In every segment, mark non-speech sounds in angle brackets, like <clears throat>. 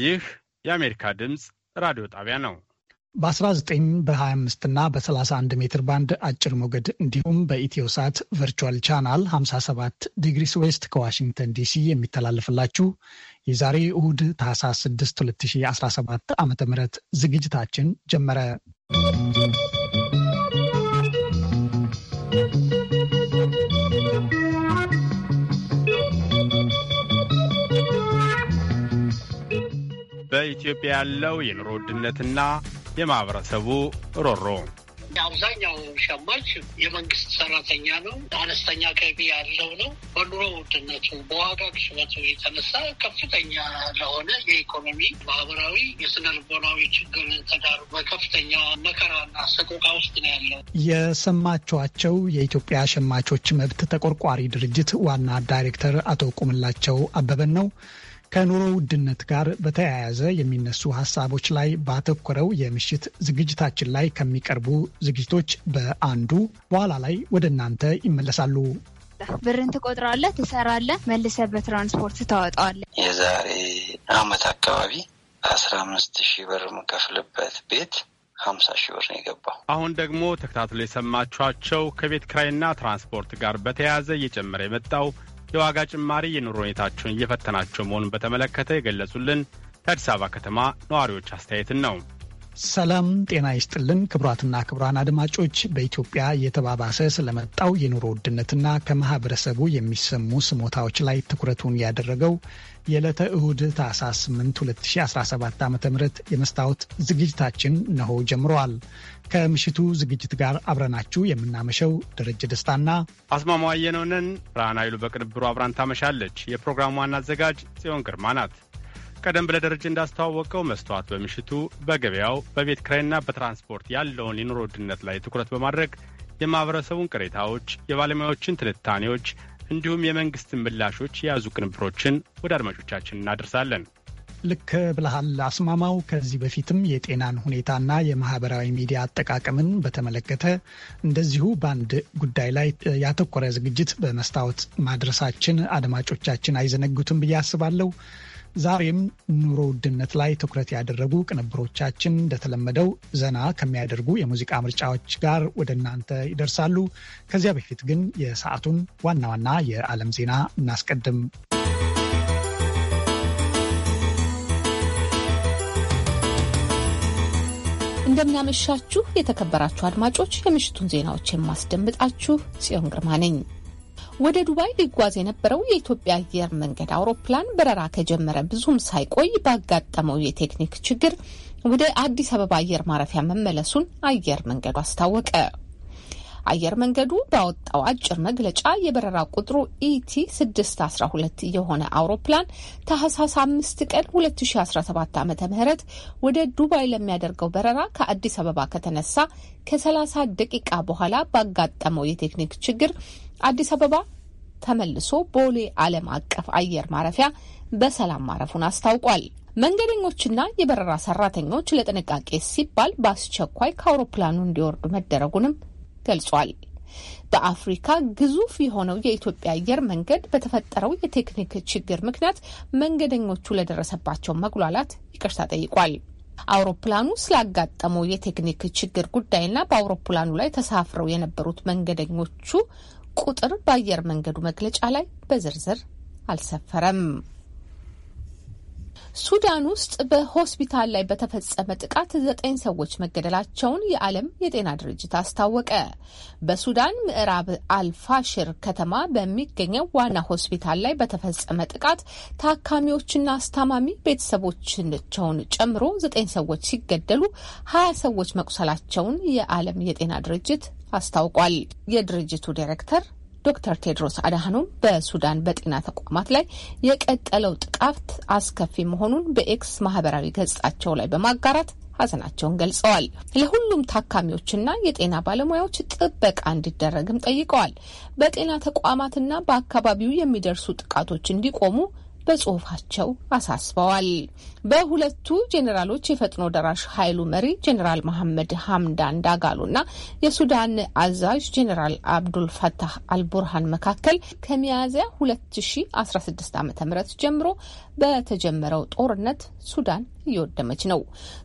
ይህ የአሜሪካ ድምፅ ራዲዮ ጣቢያ ነው። በ19 በ25 እና በ31 ሜትር ባንድ አጭር ሞገድ እንዲሁም በኢትዮ ሳት ቨርቹዋል ቻናል 57 ዲግሪስ ዌስት ከዋሽንግተን ዲሲ የሚተላለፍላችሁ የዛሬ እሁድ ታህሳስ 6 2017 ዓ ም ዝግጅታችን ጀመረ። በኢትዮጵያ ያለው የኑሮ ውድነትና የማህበረሰቡ ሮሮ አብዛኛው ሸማች የመንግስት ሰራተኛ ነው። አነስተኛ ገቢ ያለው ነው። በኑሮ ውድነቱ በዋጋ ግሽበቱ የተነሳ ከፍተኛ ለሆነ የኢኮኖሚ ማህበራዊ፣ የስነልቦናዊ ችግር ተዳሩ በከፍተኛ መከራና ሰቆቃ ውስጥ ነው ያለው። የሰማችኋቸው የኢትዮጵያ ሸማቾች መብት ተቆርቋሪ ድርጅት ዋና ዳይሬክተር አቶ ቁምላቸው አበበን ነው። ከኑሮ ውድነት ጋር በተያያዘ የሚነሱ ሀሳቦች ላይ ባተኮረው የምሽት ዝግጅታችን ላይ ከሚቀርቡ ዝግጅቶች በአንዱ በኋላ ላይ ወደ እናንተ ይመለሳሉ። ብርን ትቆጥራለ ትሰራለ መልሰ በትራንስፖርት ታወጣዋለህ። የዛሬ አመት አካባቢ አስራ አምስት ሺህ ብር የምከፍልበት ቤት ሀምሳ ሺህ ብር ነው የገባው። አሁን ደግሞ ተከታትሎ የሰማችኋቸው ከቤት ክራይና ትራንስፖርት ጋር በተያያዘ እየጨመረ የመጣው የዋጋ ጭማሪ የኑሮ ሁኔታቸውን እየፈተናቸው መሆኑን በተመለከተ የገለጹልን የአዲስ አበባ ከተማ ነዋሪዎች አስተያየትን ነው። ሰላም ጤና ይስጥልን ክቡራትና ክቡራን አድማጮች በኢትዮጵያ እየተባባሰ ስለመጣው የኑሮ ውድነትና ከማህበረሰቡ የሚሰሙ ስሞታዎች ላይ ትኩረቱን ያደረገው የዕለተ እሁድ ታህሳስ 8 2017 ዓ ም የመስታወት ዝግጅታችን ነሆ ጀምረዋል። ከምሽቱ ዝግጅት ጋር አብረናችሁ የምናመሸው ደረጀ ደስታና አስማማው አየነው ነን። ብርሃን ኃይሉ በቅንብሩ አብራን ታመሻለች። የፕሮግራሙ ዋና አዘጋጅ ጽዮን ግርማ ናት። ቀደም ብለ ደረጀ እንዳስተዋወቀው መስተዋት በምሽቱ በገበያው በቤት ክራይና በትራንስፖርት ያለውን የኑሮ ውድነት ላይ ትኩረት በማድረግ የማህበረሰቡን ቅሬታዎች፣ የባለሙያዎችን ትንታኔዎች እንዲሁም የመንግስትን ምላሾች የያዙ ቅንብሮችን ወደ አድማጮቻችን እናደርሳለን። ልክ ብልሃል አስማማው። ከዚህ በፊትም የጤናን ሁኔታና የማህበራዊ ሚዲያ አጠቃቀምን በተመለከተ እንደዚሁ በአንድ ጉዳይ ላይ ያተኮረ ዝግጅት በመስታወት ማድረሳችን አድማጮቻችን አይዘነጉትም ብዬ አስባለሁ። ዛሬም ኑሮ ውድነት ላይ ትኩረት ያደረጉ ቅንብሮቻችን እንደተለመደው ዘና ከሚያደርጉ የሙዚቃ ምርጫዎች ጋር ወደ እናንተ ይደርሳሉ። ከዚያ በፊት ግን የሰዓቱን ዋና ዋና የዓለም ዜና እናስቀድም። እንደምናመሻችሁ የተከበራችሁ አድማጮች፣ የምሽቱን ዜናዎች የማስደምጣችሁ ጽዮን ግርማ ነኝ። ወደ ዱባይ ሊጓዝ የነበረው የኢትዮጵያ አየር መንገድ አውሮፕላን በረራ ከጀመረ ብዙም ሳይቆይ ባጋጠመው የቴክኒክ ችግር ወደ አዲስ አበባ አየር ማረፊያ መመለሱን አየር መንገዱ አስታወቀ። አየር መንገዱ ባወጣው አጭር መግለጫ የበረራ ቁጥሩ ኢቲ 612 የሆነ አውሮፕላን ታህሳስ 5 ቀን 2017 ዓ ም ወደ ዱባይ ለሚያደርገው በረራ ከአዲስ አበባ ከተነሳ ከ30 ደቂቃ በኋላ ባጋጠመው የቴክኒክ ችግር አዲስ አበባ ተመልሶ ቦሌ ዓለም አቀፍ አየር ማረፊያ በሰላም ማረፉን አስታውቋል። መንገደኞችና የበረራ ሰራተኞች ለጥንቃቄ ሲባል በአስቸኳይ ከአውሮፕላኑ እንዲወርዱ መደረጉንም ገልጿል። በአፍሪካ ግዙፍ የሆነው የኢትዮጵያ አየር መንገድ በተፈጠረው የቴክኒክ ችግር ምክንያት መንገደኞቹ ለደረሰባቸው መጉላላት ይቅርታ ጠይቋል። አውሮፕላኑ ስላጋጠመው የቴክኒክ ችግር ጉዳይና በአውሮፕላኑ ላይ ተሳፍረው የነበሩት መንገደኞቹ ቁጥር በአየር መንገዱ መግለጫ ላይ በዝርዝር አልሰፈረም። ሱዳን ውስጥ በሆስፒታል ላይ በተፈጸመ ጥቃት ዘጠኝ ሰዎች መገደላቸውን የዓለም የጤና ድርጅት አስታወቀ። በሱዳን ምዕራብ አልፋሽር ከተማ በሚገኘው ዋና ሆስፒታል ላይ በተፈጸመ ጥቃት ታካሚዎችና አስታማሚ ቤተሰቦቻቸውን ጨምሮ ዘጠኝ ሰዎች ሲገደሉ ሀያ ሰዎች መቁሰላቸውን የዓለም የጤና ድርጅት አስታውቋል። የድርጅቱ ዲሬክተር ዶክተር ቴድሮስ አድሃኖም በሱዳን በጤና ተቋማት ላይ የቀጠለው ጥቃት አስከፊ መሆኑን በኤክስ ማህበራዊ ገጻቸው ላይ በማጋራት ሀዘናቸውን ገልጸዋል። ለሁሉም ታካሚዎችና የጤና ባለሙያዎች ጥበቃ እንዲደረግም ጠይቀዋል። በጤና ተቋማትና በአካባቢው የሚደርሱ ጥቃቶች እንዲቆሙ በጽሁፋቸው አሳስበዋል። በሁለቱ ጄኔራሎች የፈጥኖ ደራሽ ኃይሉ መሪ ጄኔራል መሐመድ ሀምዳን ዳጋሎና የሱዳን አዛዥ ጄኔራል አብዱል ፈታህ አልቡርሃን መካከል ከሚያዝያ 2016 ዓ ም ጀምሮ በተጀመረው ጦርነት ሱዳን እየወደመች ነው።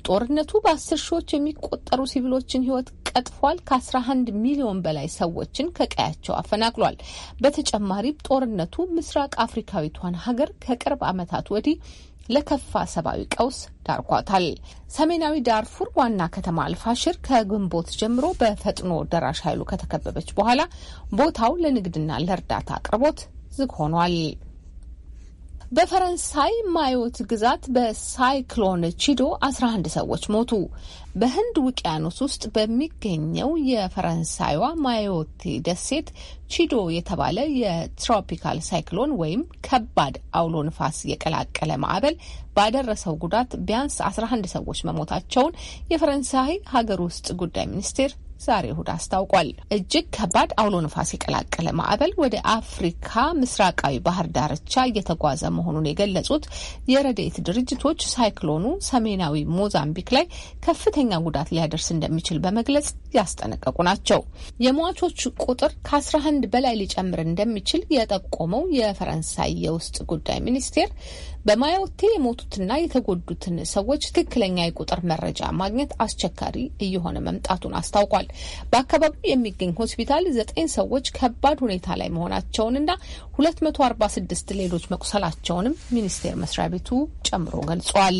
ጦርነቱ በአስር ሺዎች የሚቆጠሩ ሲቪሎችን ህይወት ቀጥፏል። ከ11 ሚሊዮን በላይ ሰዎችን ከቀያቸው አፈናቅሏል። በተጨማሪም ጦርነቱ ምስራቅ አፍሪካዊቷን ሀገር ከቅርብ ዓመታት ወዲህ ለከፋ ሰብአዊ ቀውስ ዳርጓታል። ሰሜናዊ ዳርፉር ዋና ከተማ አልፋሽር ከግንቦት ጀምሮ በፈጥኖ ደራሽ ኃይሉ ከተከበበች በኋላ ቦታው ለንግድና ለእርዳታ አቅርቦት ዝግ ሆኗል። በፈረንሳይ ማዮት ግዛት በሳይክሎን ቺዶ 11 ሰዎች ሞቱ። በህንድ ውቅያኖስ ውስጥ በሚገኘው የፈረንሳይዋ ማዮቴ ደሴት ቺዶ የተባለ የትሮፒካል ሳይክሎን ወይም ከባድ አውሎ ንፋስ የቀላቀለ ማዕበል ባደረሰው ጉዳት ቢያንስ 11 ሰዎች መሞታቸውን የፈረንሳይ ሀገር ውስጥ ጉዳይ ሚኒስቴር ዛሬ እሁድ አስታውቋል። እጅግ ከባድ አውሎ ነፋስ የቀላቀለ ማዕበል ወደ አፍሪካ ምስራቃዊ ባህር ዳርቻ እየተጓዘ መሆኑን የገለጹት የረድኤት ድርጅቶች ሳይክሎኑ ሰሜናዊ ሞዛምቢክ ላይ ከፍተኛ ጉዳት ሊያደርስ እንደሚችል በመግለጽ ያስጠነቀቁ ናቸው። የሟቾች ቁጥር ከ11 በላይ ሊጨምር እንደሚችል የጠቆመው የፈረንሳይ የውስጥ ጉዳይ ሚኒስቴር ሆቴል የሞቱትና የተጎዱትን ሰዎች ትክክለኛ የቁጥር መረጃ ማግኘት አስቸጋሪ እየሆነ መምጣቱን አስታውቋል። በአካባቢው የሚገኝ ሆስፒታል ዘጠኝ ሰዎች ከባድ ሁኔታ ላይ መሆናቸውንና ሁለት መቶ አርባ ስድስት ሌሎች መቁሰላቸውንም ሚኒስቴር መስሪያ ቤቱ ጨምሮ ገልጿል።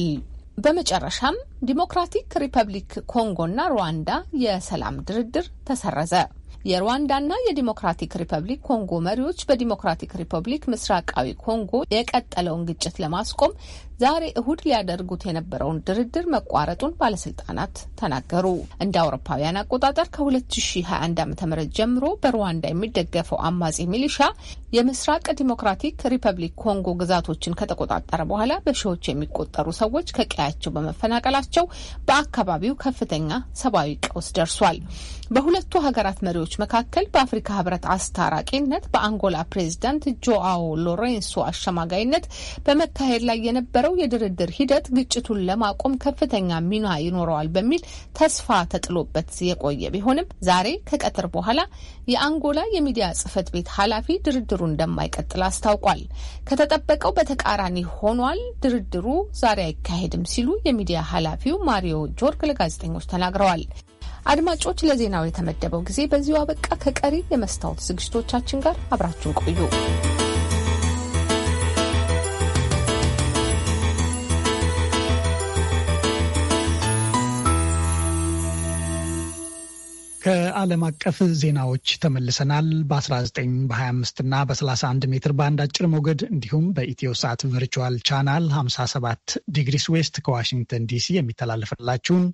በመጨረሻም ዲሞክራቲክ ሪፐብሊክ ኮንጎና ሩዋንዳ የሰላም ድርድር ተሰረዘ። የሩዋንዳና የዲሞክራቲክ ሪፐብሊክ ኮንጎ መሪዎች በዲሞክራቲክ ሪፐብሊክ ምስራቃዊ ኮንጎ የቀጠለውን ግጭት ለማስቆም ዛሬ እሁድ ሊያደርጉት የነበረውን ድርድር መቋረጡን ባለስልጣናት ተናገሩ። እንደ አውሮፓውያን አቆጣጠር ከ2021 ዓ ም ጀምሮ በሩዋንዳ የሚደገፈው አማጺ ሚሊሻ የምስራቅ ዲሞክራቲክ ሪፐብሊክ ኮንጎ ግዛቶችን ከተቆጣጠረ በኋላ በሺዎች የሚቆጠሩ ሰዎች ከቀያቸው በመፈናቀላቸው በአካባቢው ከፍተኛ ሰብአዊ ቀውስ ደርሷል። በሁለቱ ሀገራት መሪዎች መካከል በአፍሪካ ህብረት አስታራቂነት በአንጎላ ፕሬዚዳንት ጆአዎ ሎሬንሶ አሸማጋይነት በመካሄድ ላይ የነበረው የሚቀጥለው የድርድር ሂደት ግጭቱን ለማቆም ከፍተኛ ሚና ይኖረዋል በሚል ተስፋ ተጥሎበት የቆየ ቢሆንም ዛሬ ከቀትር በኋላ የአንጎላ የሚዲያ ጽህፈት ቤት ኃላፊ ድርድሩ እንደማይቀጥል አስታውቋል። ከተጠበቀው በተቃራኒ ሆኗል፣ ድርድሩ ዛሬ አይካሄድም ሲሉ የሚዲያ ኃላፊው ማሪዮ ጆርግ ለጋዜጠኞች ተናግረዋል። አድማጮች፣ ለዜናው የተመደበው ጊዜ በዚሁ አበቃ። ከቀሪ የመስታወት ዝግጅቶቻችን ጋር አብራችሁን ቆዩ። ከዓለም አቀፍ ዜናዎች ተመልሰናል። በ19 በ25 እና በ31 ሜትር ባንድ አጭር ሞገድ እንዲሁም በኢትዮ ሰዓት ቨርቹዋል ቻናል 57 ዲግሪስ ዌስት ከዋሽንግተን ዲሲ የሚተላለፍላችሁን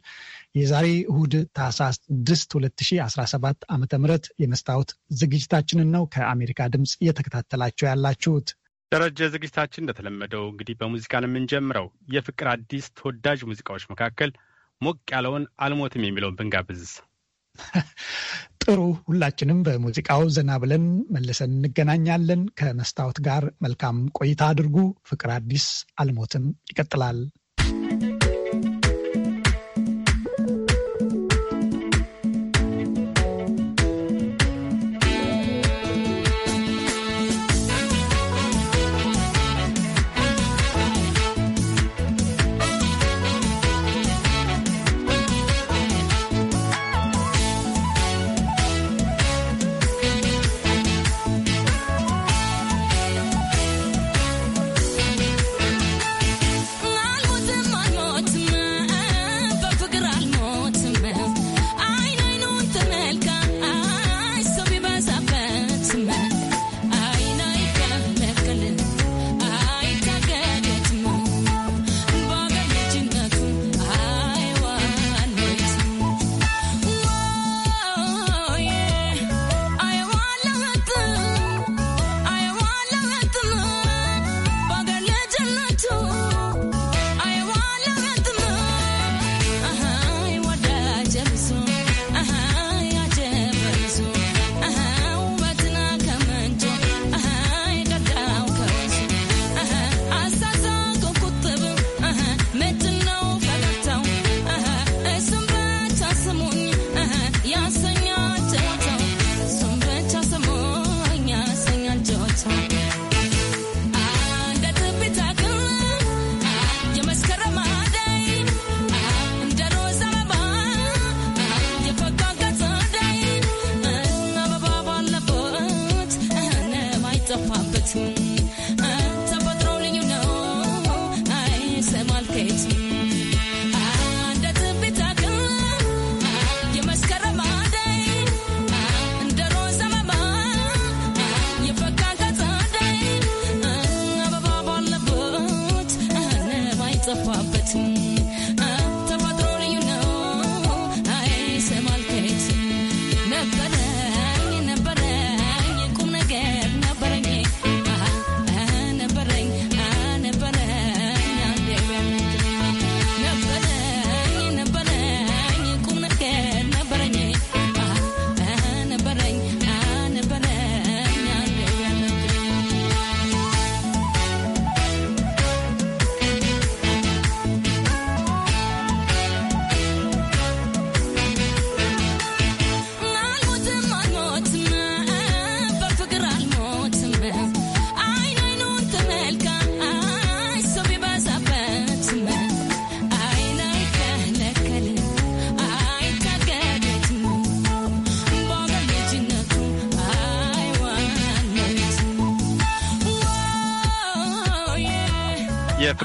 የዛሬ እሁድ ታህሳስ 6 2017 ዓ ም የመስታወት ዝግጅታችንን ነው ከአሜሪካ ድምፅ እየተከታተላችሁ ያላችሁት። ደረጀ፣ ዝግጅታችን እንደተለመደው እንግዲህ በሙዚቃ ነው የምንጀምረው። የፍቅር አዲስ ተወዳጅ ሙዚቃዎች መካከል ሞቅ ያለውን አልሞትም የሚለውን ብንጋብዝ <laughs> ጥሩ፣ ሁላችንም በሙዚቃው ዘና ብለን መልሰን እንገናኛለን። ከመስታወት ጋር መልካም ቆይታ አድርጉ። ፍቅር አዲስ አልሞትም ይቀጥላል።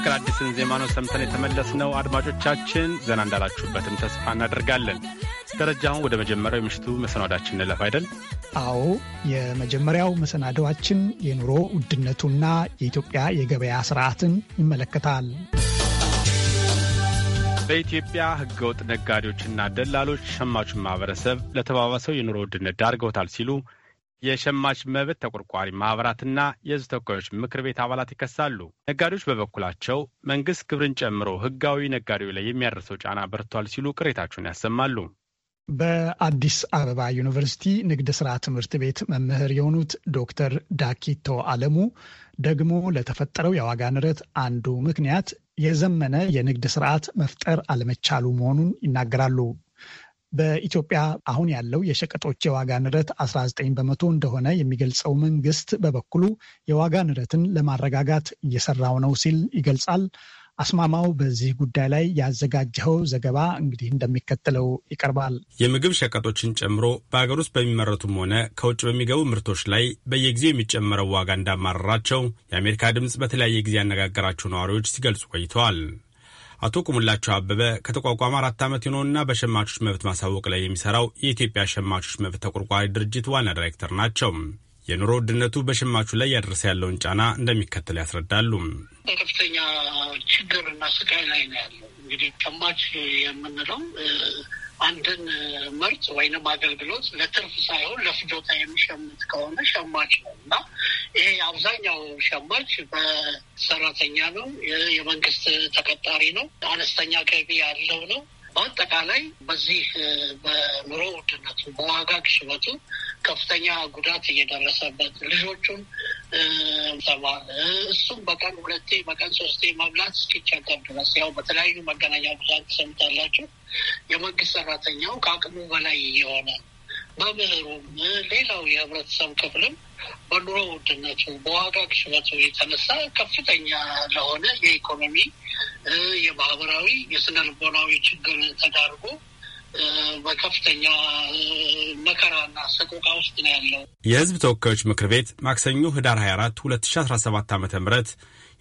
ፍቅር አዲስን ዜማ ነው ሰምተን የተመለስነው። አድማጮቻችን ዘና እንዳላችሁበትም ተስፋ እናደርጋለን። ደረጃ፣ ወደ መጀመሪያው የምሽቱ መሰናዷችን እንለፍ አይደል? አዎ፣ የመጀመሪያው መሰናዶዋችን የኑሮ ውድነቱና የኢትዮጵያ የገበያ ስርዓትን ይመለከታል። በኢትዮጵያ ህገወጥ ነጋዴዎችና ደላሎች ሸማቹን ማህበረሰብ ለተባባሰው የኑሮ ውድነት ዳርገውታል ሲሉ የሸማች መብት ተቆርቋሪ ማኅበራትና የሕዝብ ተወካዮች ምክር ቤት አባላት ይከሳሉ። ነጋዴዎች በበኩላቸው መንግሥት ግብርን ጨምሮ ሕጋዊ ነጋዴው ላይ የሚያደርሰው ጫና በርቷል ሲሉ ቅሬታቸውን ያሰማሉ። በአዲስ አበባ ዩኒቨርሲቲ ንግድ ስራ ትምህርት ቤት መምህር የሆኑት ዶክተር ዳኪቶ አለሙ ደግሞ ለተፈጠረው የዋጋ ንረት አንዱ ምክንያት የዘመነ የንግድ ስርዓት መፍጠር አለመቻሉ መሆኑን ይናገራሉ። በኢትዮጵያ አሁን ያለው የሸቀጦች የዋጋ ንረት 19 በመቶ እንደሆነ የሚገልጸው መንግስት በበኩሉ የዋጋ ንረትን ለማረጋጋት እየሰራው ነው ሲል ይገልጻል። አስማማው በዚህ ጉዳይ ላይ ያዘጋጀኸው ዘገባ እንግዲህ እንደሚከተለው ይቀርባል። የምግብ ሸቀጦችን ጨምሮ በሀገር ውስጥ በሚመረቱም ሆነ ከውጭ በሚገቡ ምርቶች ላይ በየጊዜው የሚጨመረው ዋጋ እንዳማረራቸው የአሜሪካ ድምፅ በተለያየ ጊዜ ያነጋገራቸው ነዋሪዎች ሲገልጹ ቆይተዋል። አቶ ቁሙላቸው አበበ ከተቋቋመ አራት ዓመት የሆነውና በሸማቾች መብት ማሳወቅ ላይ የሚሰራው የኢትዮጵያ ሸማቾች መብት ተቆርቋሪ ድርጅት ዋና ዳይሬክተር ናቸው። የኑሮ ውድነቱ በሸማቹ ላይ ያደረሰ ያለውን ጫና እንደሚከተል ያስረዳሉ። በከፍተኛ ችግር እና ስቃይ ላይ ነው ያለው። እንግዲህ ሸማች የምንለው አንድን ምርት ወይንም አገልግሎት ለትርፍ ሳይሆን ለፍጆታ የሚሸምት ከሆነ ሸማች ነው እና ይሄ አብዛኛው ሸማች በሰራተኛ ነው፣ የመንግስት ተቀጣሪ ነው፣ አነስተኛ ገቢ ያለው ነው። በአጠቃላይ በዚህ በኑሮ ውድነቱ በዋጋ ግሽበቱ ከፍተኛ ጉዳት እየደረሰበት ልጆቹን ሰባ እሱም በቀን ሁለቴ በቀን ሶስቴ መብላት እስኪቸገር ድረስ ያው በተለያዩ መገናኛ ብዙኃን ትሰምታላችሁ። የመንግስት ሰራተኛው ከአቅሙ በላይ እየሆነ መምህሩም፣ ሌላው የህብረተሰብ ክፍልም በኑሮ ውድነቱ በዋጋ ግሽበቱ የተነሳ ከፍተኛ ለሆነ የኢኮኖሚ የማህበራዊ፣ የስነ ልቦናዊ ችግር ተዳርጎ በከፍተኛ መከራና ሰቆቃ ውስጥ ነው ያለው። የህዝብ ተወካዮች ምክር ቤት ማክሰኞ ህዳር 24 2017 ዓ ም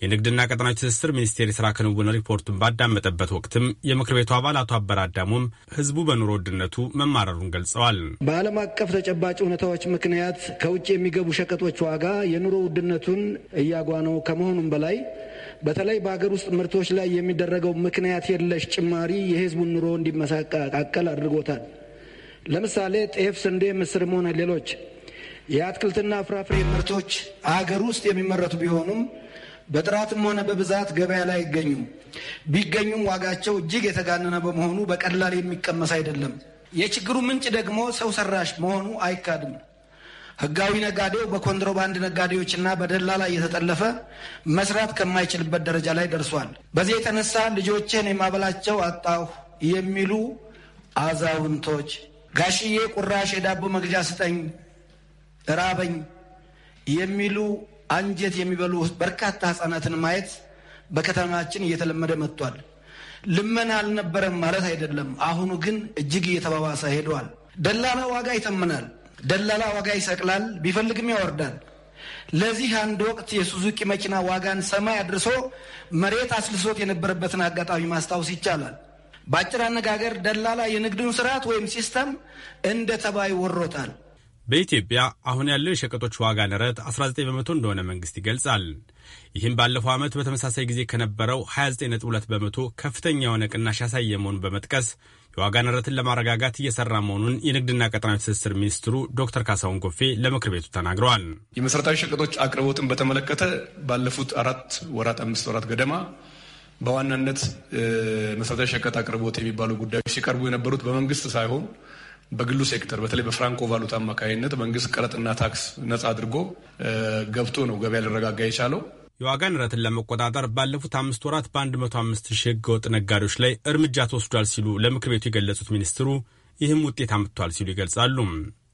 የንግድና ቀጠናዊ ትስስር ሚኒስቴር የሥራ ክንውን ሪፖርቱን ባዳመጠበት ወቅትም የምክር ቤቱ አባል አቶ አበራዳሙም ህዝቡ በኑሮ ውድነቱ መማረሩን ገልጸዋል። በዓለም አቀፍ ተጨባጭ ሁኔታዎች ምክንያት ከውጭ የሚገቡ ሸቀጦች ዋጋ የኑሮ ውድነቱን እያጓነው ከመሆኑም በላይ በተለይ በሀገር ውስጥ ምርቶች ላይ የሚደረገው ምክንያት የለሽ ጭማሪ የህዝቡን ኑሮ እንዲመሰቃቀል አድርጎታል። ለምሳሌ ጤፍ፣ ስንዴ፣ ምስርም ሆነ ሌሎች የአትክልትና ፍራፍሬ ምርቶች አገር ውስጥ የሚመረቱ ቢሆኑም በጥራትም ሆነ በብዛት ገበያ ላይ አይገኙም። ቢገኙም ዋጋቸው እጅግ የተጋነነ በመሆኑ በቀላል የሚቀመስ አይደለም። የችግሩ ምንጭ ደግሞ ሰው ሰራሽ መሆኑ አይካድም። ሕጋዊ ነጋዴው በኮንትሮባንድ ነጋዴዎችና በደላላ እየተጠለፈ መስራት ከማይችልበት ደረጃ ላይ ደርሷል። በዚህ የተነሳ ልጆችን የማበላቸው አጣሁ የሚሉ አዛውንቶች ጋሽዬ ቁራሽ የዳቦ መግዣ ስጠኝ እራበኝ የሚሉ አንጀት የሚበሉ በርካታ ህጻናትን ማየት በከተማችን እየተለመደ መጥቷል። ልመና አልነበረም ማለት አይደለም። አሁኑ ግን እጅግ እየተባባሰ ሄደዋል። ደላላ ዋጋ ይተምናል። ደላላ ዋጋ ይሰቅላል፣ ቢፈልግም ያወርዳል። ለዚህ አንድ ወቅት የሱዙቂ መኪና ዋጋን ሰማይ አድርሶ መሬት አስልሶት የነበረበትን አጋጣሚ ማስታወስ ይቻላል። በአጭር አነጋገር ደላላ የንግዱን ስርዓት ወይም ሲስተም እንደ ተባይ ወሮታል። በኢትዮጵያ አሁን ያለው የሸቀጦች ዋጋ ንረት 19 በመቶ እንደሆነ መንግስት ይገልጻል። ይህም ባለፈው ዓመት በተመሳሳይ ጊዜ ከነበረው 29.2 በመቶ ከፍተኛ የሆነ ቅናሽ ያሳየ መሆኑን በመጥቀስ የዋጋ ንረትን ለማረጋጋት እየሰራ መሆኑን የንግድና ቀጣናዊ ትስስር ሚኒስትሩ ዶክተር ካሳሁን ጎፌ ለምክር ቤቱ ተናግረዋል። የመሠረታዊ ሸቀጦች አቅርቦትን በተመለከተ ባለፉት አራት ወራት አምስት ወራት ገደማ በዋናነት መሠረታዊ ሸቀጥ አቅርቦት የሚባሉ ጉዳዮች ሲቀርቡ የነበሩት በመንግስት ሳይሆን በግሉ ሴክተር በተለይ በፍራንኮ ቫሉታ አማካኝነት መንግስት ቀረጥና ታክስ ነጻ አድርጎ ገብቶ ነው ገበያ ሊረጋጋ የቻለው። የዋጋ ንረትን ለመቆጣጠር ባለፉት አምስት ወራት በ105 ሺህ ህገወጥ ነጋዴዎች ላይ እርምጃ ተወስዷል ሲሉ ለምክር ቤቱ የገለጹት ሚኒስትሩ ይህም ውጤት አምጥቷል ሲሉ ይገልጻሉ።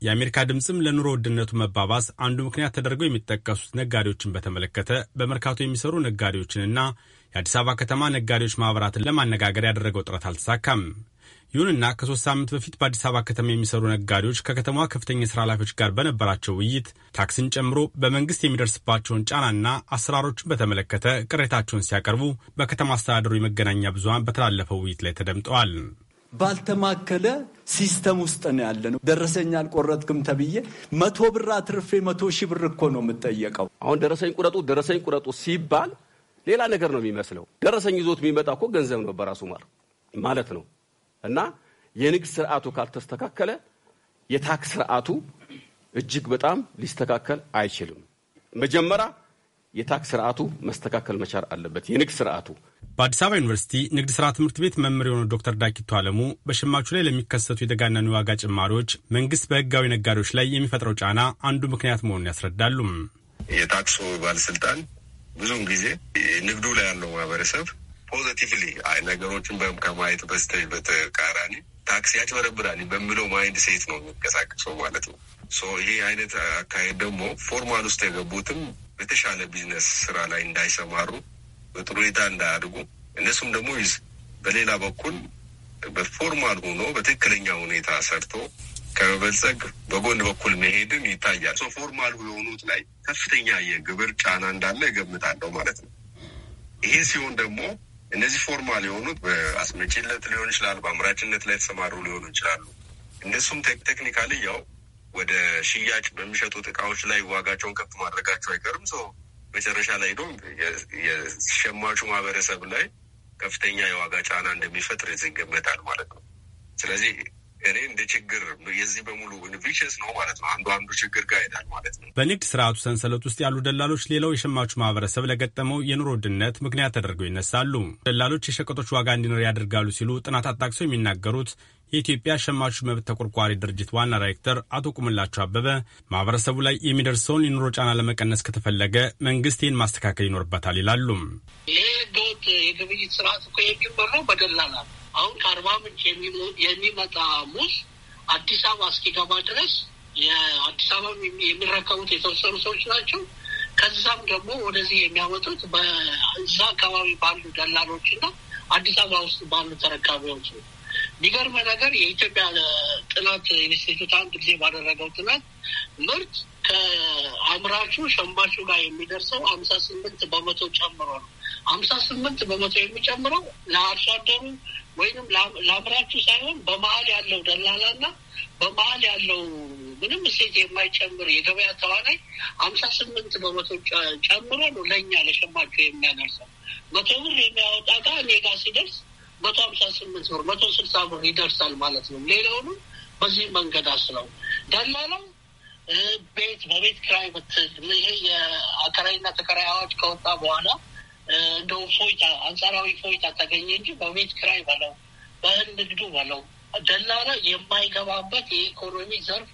የአሜሪካ ድምፅም ለኑሮ ውድነቱ መባባስ አንዱ ምክንያት ተደርገው የሚጠቀሱት ነጋዴዎችን በተመለከተ በመርካቶ የሚሰሩ ነጋዴዎችንና የአዲስ አበባ ከተማ ነጋዴዎች ማኅበራትን ለማነጋገር ያደረገው ጥረት አልተሳካም። ይሁንና ከሶስት ሳምንት በፊት በአዲስ አበባ ከተማ የሚሰሩ ነጋዴዎች ከከተማዋ ከፍተኛ የስራ ኃላፊዎች ጋር በነበራቸው ውይይት ታክስን ጨምሮ በመንግስት የሚደርስባቸውን ጫናና አሰራሮችን በተመለከተ ቅሬታቸውን ሲያቀርቡ በከተማ አስተዳደሩ የመገናኛ ብዙሀን በተላለፈው ውይይት ላይ ተደምጠዋል። ባልተማከለ ሲስተም ውስጥ ነው ያለ ነው። ደረሰኝ አልቆረጥክም ተብዬ መቶ ብር አትርፌ መቶ ሺህ ብር እኮ ነው የምጠየቀው። አሁን ደረሰኝ ቁረጡ ደረሰኝ ቁረጡ ሲባል ሌላ ነገር ነው የሚመስለው። ደረሰኝ ይዞት የሚመጣ እኮ ገንዘብ ነው በራሱ ማር ማለት ነው። እና የንግድ ስርዓቱ ካልተስተካከለ የታክስ ስርዓቱ እጅግ በጣም ሊስተካከል አይችልም። መጀመሪያ የታክስ ስርዓቱ መስተካከል መቻል አለበት፣ የንግድ ስርዓቱ። በአዲስ አበባ ዩኒቨርሲቲ ንግድ ስራ ትምህርት ቤት መምህር የሆነው ዶክተር ዳኪቶ አለሙ በሸማቹ ላይ ለሚከሰቱ የተጋነኑ ዋጋ ጭማሪዎች መንግስት በህጋዊ ነጋዴዎች ላይ የሚፈጥረው ጫና አንዱ ምክንያት መሆኑን ያስረዳሉም። የታክሱ ባለስልጣን ብዙውን ጊዜ ንግዱ ላይ ያለው ማህበረሰብ ፖዘቲቭሊ አይ ነገሮችን ከማየት በስተ በተቃራኒ ታክሲ ያጭበረብራል በሚለው ማይንድ ሴት ነው የሚንቀሳቀሰው ማለት ነው። ሶ ይሄ አይነት አካሄድ ደግሞ ፎርማል ውስጥ የገቡትም በተሻለ ቢዝነስ ስራ ላይ እንዳይሰማሩ በጥሩ ሁኔታ እንዳያድጉ እነሱም ደግሞ ይዝ በሌላ በኩል በፎርማል ሆኖ በትክክለኛ ሁኔታ ሰርቶ ከመበልጸግ በጎን በኩል መሄድን ይታያል። ፎርማል የሆኑት ላይ ከፍተኛ የግብር ጫና እንዳለ እገምታለሁ ማለት ነው። ይሄ ሲሆን ደግሞ እነዚህ ፎርማል የሆኑት በአስመጪነት ሊሆን ይችላል፣ በአምራችነት ላይ የተሰማሩ ሊሆኑ ይችላሉ። እነሱም ቴክኒካሊ ያው ወደ ሽያጭ በሚሸጡት እቃዎች ላይ ዋጋቸውን ከፍ ማድረጋቸው አይቀርም። ሰው መጨረሻ ላይ ደም የሸማቹ ማህበረሰብ ላይ ከፍተኛ የዋጋ ጫና እንደሚፈጥር ይገመታል ማለት ነው። ስለዚህ እኔ እንደ ችግር የዚህ በሙሉ ቪሸስ ነው ማለት ነው። አንዱ አንዱ ችግር ጋር ይሄዳል ማለት ነው። በንግድ ስርዓቱ ሰንሰለት ውስጥ ያሉ ደላሎች ሌላው የሸማቹ ማህበረሰብ ለገጠመው የኑሮ ውድነት ምክንያት ተደርገው ይነሳሉ። ደላሎች የሸቀጦች ዋጋ እንዲኖር ያደርጋሉ ሲሉ ጥናት አጣቅሰው የሚናገሩት የኢትዮጵያ ሸማቹ መብት ተቆርቋሪ ድርጅት ዋና ዳይሬክተር አቶ ቁምላቸው አበበ ማህበረሰቡ ላይ የሚደርሰውን የኑሮ ጫና ለመቀነስ ከተፈለገ መንግስት ይህን ማስተካከል ይኖርበታል ይላሉ። ይህ ህገወጥ የግብይት ስርዓት እኮ የሚመራው በደላላ አሁን ከአርባ ምንጭ የሚመጣ ሙዝ አዲስ አበባ እስኪገባ ድረስ የአዲስ አበባ የሚረከቡት የተወሰኑ ሰዎች ናቸው። ከዛም ደግሞ ወደዚህ የሚያመጡት በዛ አካባቢ ባሉ ደላሎች እና አዲስ አበባ ውስጥ ባሉ ተረካቢዎች ነው። የሚገርም ነገር የኢትዮጵያ ጥናት ኢንስቲቱት አንድ ጊዜ ባደረገው ጥናት ምርት ከአምራቹ ሸማቹ ጋር የሚደርሰው አምሳ ስምንት በመቶ ጨምሮ ነው። አምሳ ስምንት በመቶ የሚጨምረው ለአርሶ አደሩ ወይንም ላምራችሁ ሳይሆን በመሀል ያለው ደላላና በመሀል ያለው ምንም እሴት የማይጨምር የገበያ ተዋናይ አምሳ ስምንት በመቶ ጨምሮ ነው ለእኛ ለሸማቸው የሚያደርሰው። መቶ ብር የሚያወጣ ጋ እኔ ጋ ሲደርስ መቶ ሀምሳ ስምንት ብር መቶ ስልሳ ብር ይደርሳል ማለት ነው። ሌላውንም በዚህ መንገድ አስለው ደላላው ቤት በቤት ክራይ ብትል ይሄ የአከራይና ተከራይ አዋጅ ከወጣ በኋላ እንደው ፎይታ አንጻራዊ ፎይታ ተገኘ እንጂ በቤት ክራይ በለው በእህል ንግዱ በለው ደላላ የማይገባበት የኢኮኖሚ ዘርፍ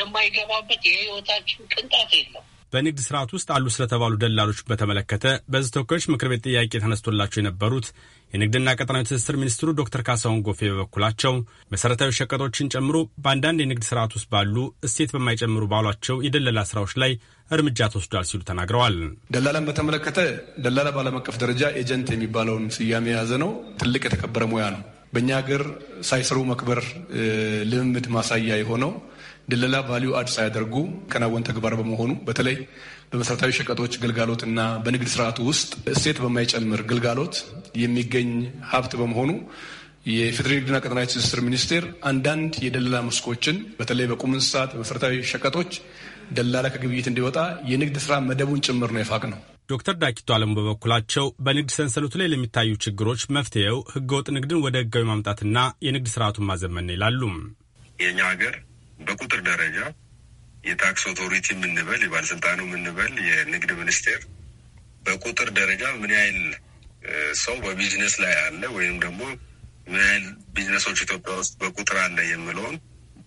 የማይገባበት የህይወታችን ቅንጣት የለው። በንግድ ስርዓት ውስጥ አሉ ስለተባሉ ደላሎች በተመለከተ በዚህ ተወካዮች ምክር ቤት ጥያቄ ተነስቶላቸው የነበሩት የንግድና ቀጠናዊ ትስስር ሚኒስትሩ ዶክተር ካሳሁን ጎፌ በበኩላቸው መሠረታዊ ሸቀጦችን ጨምሮ በአንዳንድ የንግድ ስርዓት ውስጥ ባሉ እሴት በማይጨምሩ ባሏቸው የደለላ ስራዎች ላይ እርምጃ ተወስዷል ሲሉ ተናግረዋል። ደላላን በተመለከተ ደላላ በዓለም አቀፍ ደረጃ ኤጀንት የሚባለውን ስያሜ የያዘ ነው። ትልቅ የተከበረ ሙያ ነው። በእኛ ሀገር ሳይሰሩ መክበር ልምምድ ማሳያ የሆነው ደለላ ቫሊዩ አድ ሳያደርጉ ከናወን ተግባር በመሆኑ በተለይ በመሰረታዊ ሸቀጦች ግልጋሎትና በንግድ ስርዓቱ ውስጥ እሴት በማይጨምር ግልጋሎት የሚገኝ ሀብት በመሆኑ የፌዴራል ንግድና ቀጠናዊ ትስስር ሚኒስቴር አንዳንድ የደላላ መስኮችን በተለይ በቁም እንስሳት፣ በመሰረታዊ ሸቀጦች ደላላ ከግብይት እንዲወጣ የንግድ ስራ መደቡን ጭምር ነው የፋቅ ነው። ዶክተር ዳኪቶ አለሙ በበኩላቸው በንግድ ሰንሰለቱ ላይ ለሚታዩ ችግሮች መፍትሄው ህገወጥ ንግድን ወደ ህጋዊ ማምጣትና የንግድ ስርዓቱን ማዘመን ይላሉ። የእኛ ሀገር በቁጥር ደረጃ የታክስ ኦቶሪቲ የምንበል የባለስልጣኑ የምንበል የንግድ ሚኒስቴር በቁጥር ደረጃ ምን ያህል ሰው በቢዝነስ ላይ አለ ወይም ደግሞ ምን ያህል ቢዝነሶች ኢትዮጵያ ውስጥ በቁጥር አለ የሚለውን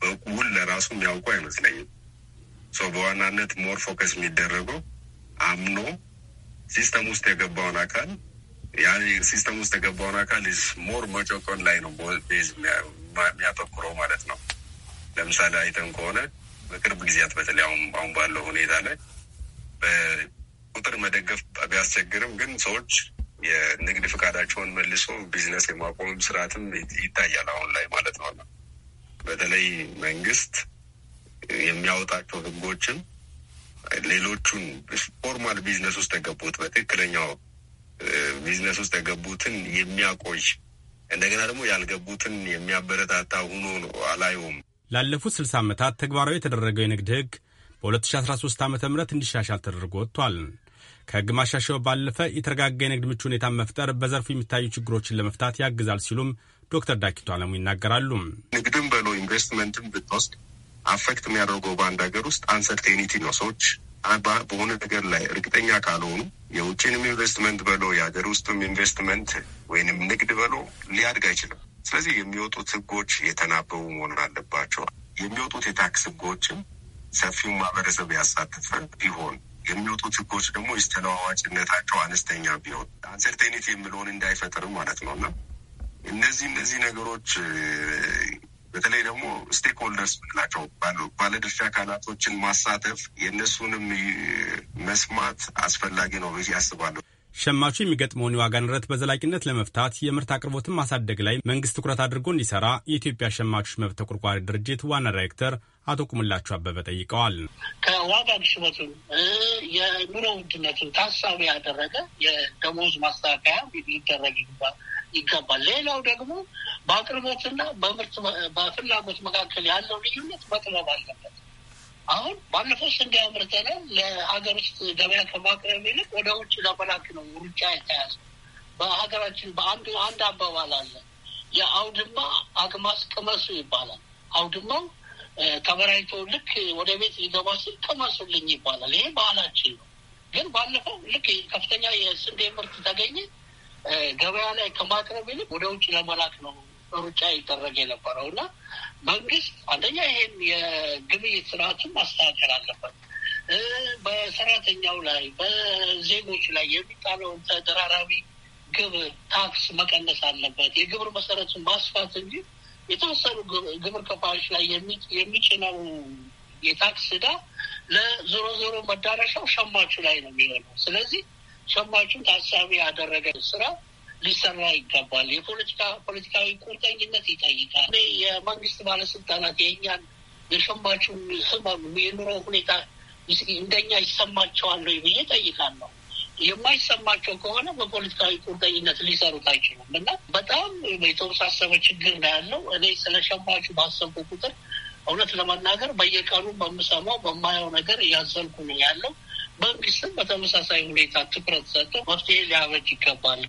በውል ለራሱ የሚያውቁ አይመስለኝም። በዋናነት ሞር ፎከስ የሚደረገው አምኖ ሲስተም ውስጥ የገባውን አካል ሲስተም ውስጥ የገባውን አካል ሞር መጮቆን ላይ ነው ቤዝ የሚያተኩረው ማለት ነው። ለምሳሌ አይተን ከሆነ በቅርብ ጊዜያት በተለይ አሁን አሁን ባለው ሁኔታ ላይ በቁጥር መደገፍ ቢያስቸግርም ግን ሰዎች የንግድ ፈቃዳቸውን መልሶ ቢዝነስ የማቆምም ስርዓትም ይታያል አሁን ላይ ማለት ነው። በተለይ መንግስት የሚያወጣቸው ህጎችም ሌሎቹን ፎርማል ቢዝነስ ውስጥ የገቡት በትክክለኛው ቢዝነስ ውስጥ የገቡትን የሚያቆይ እንደገና ደግሞ ያልገቡትን የሚያበረታታ ሆኖ ነው አላየውም። ላለፉት 60 ዓመታት ተግባራዊ የተደረገው የንግድ ህግ በ2013 ዓ ም እንዲሻሻል ተደርጎ ወጥቷል። ከሕግ ማሻሻው ባለፈ የተረጋጋ የንግድ ምቹ ሁኔታን መፍጠር በዘርፉ የሚታዩ ችግሮችን ለመፍታት ያግዛል ሲሉም ዶክተር ዳኪቶ አለሙ ይናገራሉ። ንግድም በሎ ኢንቨስትመንትም ብትወስድ አፌክት የሚያደርገው በአንድ ሀገር ውስጥ አንሰርቴኒቲ ነው። ሰዎች በሆነ ነገር ላይ እርግጠኛ ካልሆኑ የውጭንም ኢንቨስትመንት በሎ የሀገር ውስጥም ኢንቨስትመንት ወይንም ንግድ በሎ ሊያድግ አይችልም። ስለዚህ የሚወጡት ህጎች የተናበቡ መሆኑን አለባቸው። የሚወጡት የታክስ ህጎችም ሰፊውን ማህበረሰብ ያሳተፈ ቢሆን የሚወጡት ህጎች ደግሞ የስተለዋዋጭነታቸው አነስተኛ ቢሆን አንሰርቴኒቲ የምለውን እንዳይፈጠርም ማለት ነው እና እነዚህ እነዚህ ነገሮች በተለይ ደግሞ ስቴክ ሆልደርስ ምንላቸው ባለድርሻ አካላቶችን ማሳተፍ የእነሱንም መስማት አስፈላጊ ነው ብዬ አስባለሁ። ሸማቹ የሚገጥመውን የዋጋ ንረት በዘላቂነት ለመፍታት የምርት አቅርቦትን ማሳደግ ላይ መንግስት ትኩረት አድርጎ እንዲሰራ የኢትዮጵያ ሸማቾች መብት ተቆርቋሪ ድርጅት ዋና ዳይሬክተር አቶ ቁምላቸው አበበ ጠይቀዋል። ከዋጋ ግሽበቱ የኑሮ ውድነቱ ታሳቢ ያደረገ የደሞዝ ማስተካከያ ሊደረግ ይገባል ይገባል። ሌላው ደግሞ በአቅርቦትና በምርት በፍላጎት መካከል ያለው ልዩነት መጥበብ አለበት። አሁን ባለፈው ስንዴ አምርተናል ለሀገር ውስጥ ገበያ ከማቅረብ ይልቅ ወደ ውጭ ለመላክ ነው ሩጫ የተያዘ። በሀገራችን በአንድ አንድ አባባል አለ የአውድማ አግማስ ቅመሱ ይባላል። አውድማው ተበራይቶ ልክ ወደ ቤት ሊገባ ሲል ቅመሱልኝ ይባላል። ይሄ ባህላችን ነው። ግን ባለፈው ልክ ከፍተኛ የስንዴ ምርት ተገኘ ገበያ ላይ ከማቅረብ ይልቅ ወደ ውጭ ለመላክ ነው ሩጫ ይደረግ የነበረው እና መንግስት አንደኛ ይሄን የግብይት ስርዓቱን ማስተካከል አለበት። በሰራተኛው ላይ በዜጎች ላይ የሚጣለውን ተደራራቢ ግብር ታክስ መቀነስ አለበት። የግብር መሰረቱን ማስፋት እንጂ የተወሰኑ ግብር ከፋዮች ላይ የሚጭነው የታክስ ዕዳ ለዞሮ ዞሮ መዳረሻው ሸማቹ ላይ ነው የሚሆነው። ስለዚህ ሸማቹን ታሳቢ ያደረገ ስራ ሊሰራ ይገባል። የፖለቲካ ፖለቲካዊ ቁርጠኝነት ይጠይቃል። የመንግስት ባለስልጣናት የእኛን የሸማቹን ህመም የኑሮ ሁኔታ እንደኛ ይሰማቸዋል ብዬ ጠይቃለሁ። የማይሰማቸው ከሆነ በፖለቲካዊ ቁርጠኝነት ሊሰሩት አይችሉም እና በጣም የተወሳሰበ ችግር ነው ያለው። እኔ ስለ ሸማቹ ባሰብኩ ቁጥር እውነት ለመናገር በየቀኑ በምሰማው በማየው ነገር እያዘንኩ ነው ያለው። መንግስትም በተመሳሳይ ሁኔታ ትኩረት ሰጥቶ መፍትሄ ሊያበጅ ይገባል።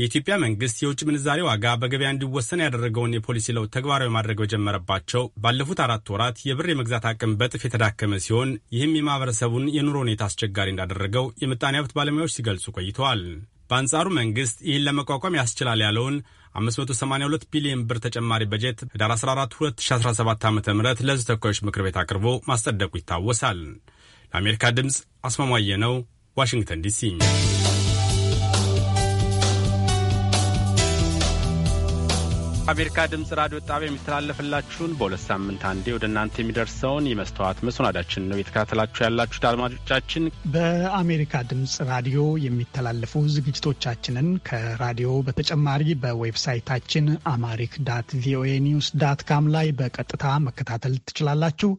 የኢትዮጵያ መንግስት የውጭ ምንዛሬ ዋጋ በገበያ እንዲወሰን ያደረገውን የፖሊሲ ለውጥ ተግባራዊ ማድረግ በጀመረባቸው ባለፉት አራት ወራት የብር የመግዛት አቅም በጥፍ የተዳከመ ሲሆን ይህም የማህበረሰቡን የኑሮ ሁኔታ አስቸጋሪ እንዳደረገው የምጣኔ ሀብት ባለሙያዎች ሲገልጹ ቆይተዋል። በአንጻሩ መንግስት ይህን ለመቋቋም ያስችላል ያለውን 582 ቢሊዮን ብር ተጨማሪ በጀት ህዳር 14 2017 ዓ ም ለሕዝብ ተወካዮች ምክር ቤት አቅርቦ ማስጸደቁ ይታወሳል። ለአሜሪካ ድምፅ አስማማየ ነው፣ ዋሽንግተን ዲሲ ከአሜሪካ ድምፅ ራዲዮ ጣቢያ የሚተላለፍላችሁን በሁለት ሳምንት አንዴ ወደ እናንተ የሚደርሰውን የመስተዋት መሰናዳችን ነው የተከታተላችሁ ያላችሁት አድማጮቻችን። በአሜሪካ ድምፅ ራዲዮ የሚተላለፉ ዝግጅቶቻችንን ከራዲዮ በተጨማሪ በዌብሳይታችን አማሪክ ዳት ቪኦኤ ኒውስ ዳት ካም ላይ በቀጥታ መከታተል ትችላላችሁ።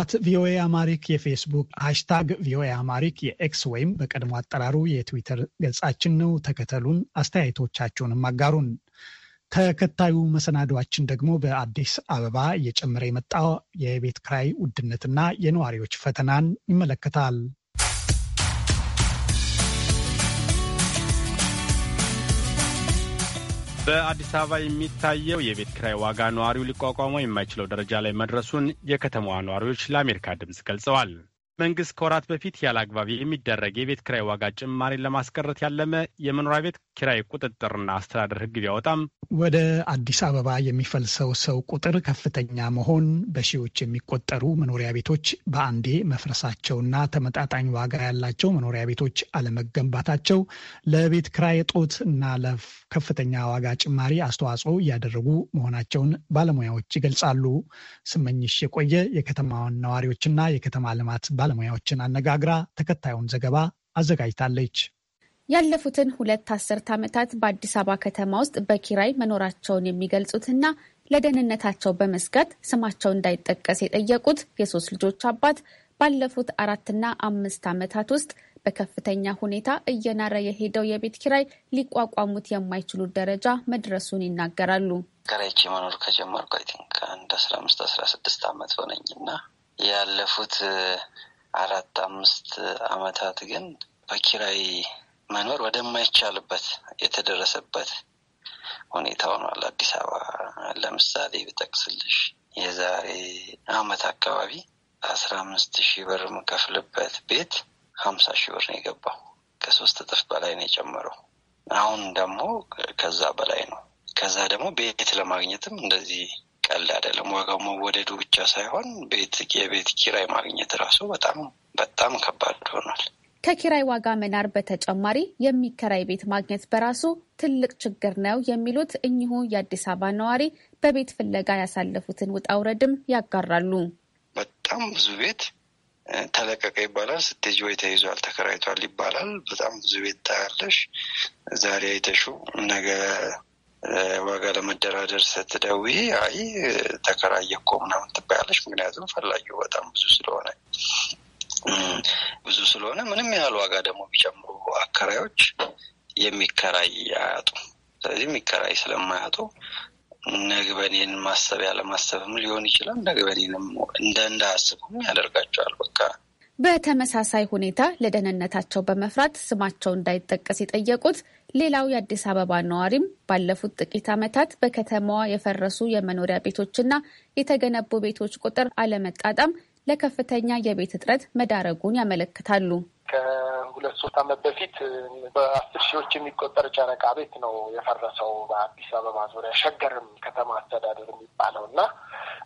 አት ቪኦኤ አማሪክ የፌስቡክ ሃሽታግ ቪኦኤ አማሪክ የኤክስ ወይም በቀድሞ አጠራሩ የትዊተር ገጻችን ነው። ተከተሉን፣ አስተያየቶቻችሁንም አጋሩን። ተከታዩ መሰናዷችን ደግሞ በአዲስ አበባ እየጨመረ የመጣው የቤት ክራይ ውድነትና የነዋሪዎች ፈተናን ይመለከታል። በአዲስ አበባ የሚታየው የቤት ክራይ ዋጋ ነዋሪው ሊቋቋመው የማይችለው ደረጃ ላይ መድረሱን የከተማዋ ነዋሪዎች ለአሜሪካ ድምፅ ገልጸዋል። መንግስት ከወራት በፊት ያለ አግባቢ የሚደረግ የቤት ክራይ ዋጋ ጭማሪን ለማስቀረት ያለመ የመኖሪያ ቤት ኪራይ ቁጥጥርና አስተዳደር ህግ ቢያወጣም ወደ አዲስ አበባ የሚፈልሰው ሰው ቁጥር ከፍተኛ መሆን፣ በሺዎች የሚቆጠሩ መኖሪያ ቤቶች በአንዴ መፍረሳቸውና ተመጣጣኝ ዋጋ ያላቸው መኖሪያ ቤቶች አለመገንባታቸው ለቤት ክራይ እጦት እና ለከፍተኛ ዋጋ ጭማሪ አስተዋጽኦ እያደረጉ መሆናቸውን ባለሙያዎች ይገልጻሉ። ስመኝሽ የቆየ የከተማዋን ነዋሪዎችና የከተማ ልማት ባለሙያዎችን አነጋግራ ተከታዩን ዘገባ አዘጋጅታለች። ያለፉትን ሁለት አስርት ዓመታት በአዲስ አበባ ከተማ ውስጥ በኪራይ መኖራቸውን የሚገልጹትና ለደህንነታቸው በመስጋት ስማቸው እንዳይጠቀስ የጠየቁት የሶስት ልጆች አባት ባለፉት አራትና አምስት ዓመታት ውስጥ በከፍተኛ ሁኔታ እየናረ የሄደው የቤት ኪራይ ሊቋቋሙት የማይችሉ ደረጃ መድረሱን ይናገራሉ። ከራይቼ መኖር ከጀመርኩ አይ ቲንክ ከአንድ አስራ አምስት አስራ ስድስት ዓመት ሆነኝ እና ያለፉት አራት አምስት አመታት ግን በኪራይ መኖር ወደማይቻልበት የተደረሰበት ሁኔታ ሆኗል። አዲስ አበባ ለምሳሌ ብጠቅስልሽ የዛሬ አመት አካባቢ አስራ አምስት ሺህ ብር የምከፍልበት ቤት ሀምሳ ሺህ ብር ነው የገባው። ከሶስት እጥፍ በላይ ነው የጨመረው። አሁን ደግሞ ከዛ በላይ ነው። ከዛ ደግሞ ቤት ለማግኘትም እንደዚህ ቀልድ አይደለም። ዋጋው መወደዱ ብቻ ሳይሆን ቤት የቤት ኪራይ ማግኘት ራሱ በጣም በጣም ከባድ ሆኗል። ከኪራይ ዋጋ መናር በተጨማሪ የሚከራይ ቤት ማግኘት በራሱ ትልቅ ችግር ነው የሚሉት እኚሁ የአዲስ አበባ ነዋሪ በቤት ፍለጋ ያሳለፉትን ውጣ ውረድም ያጋራሉ። በጣም ብዙ ቤት ተለቀቀ ይባላል። ስትሄጂ ወይ ተይዟል፣ ተከራይቷል ይባላል። በጣም ብዙ ቤት ታያለሽ። ዛሬ አይተሹ ነገ ዋጋ ለመደራደር ስትደውይ አይ ተከራየ እኮ ምናምን ትባያለች። ምክንያቱም ፈላጊው በጣም ብዙ ስለሆነ ብዙ ስለሆነ ምንም ያህል ዋጋ ደግሞ ቢጨምሩ አከራዮች የሚከራይ አያጡ። ስለዚህ የሚከራይ ስለማያጡ ነግበኔን ማሰብ ያለማሰብም ሊሆን ይችላል። ነግበኔንም እንደ እንዳያስቡም ያደርጋቸዋል። በቃ በተመሳሳይ ሁኔታ ለደህንነታቸው በመፍራት ስማቸው እንዳይጠቀስ የጠየቁት ሌላው የአዲስ አበባ ነዋሪም ባለፉት ጥቂት ዓመታት በከተማዋ የፈረሱ የመኖሪያ ቤቶችና የተገነቡ ቤቶች ቁጥር አለመጣጣም ለከፍተኛ የቤት እጥረት መዳረጉን ያመለክታሉ። ከሁለት ሶስት ዓመት በፊት በአስር ሺዎች የሚቆጠር ጨረቃ ቤት ነው የፈረሰው በአዲስ አበባ ዙሪያ ሸገርም ከተማ አስተዳደር የሚባለው እና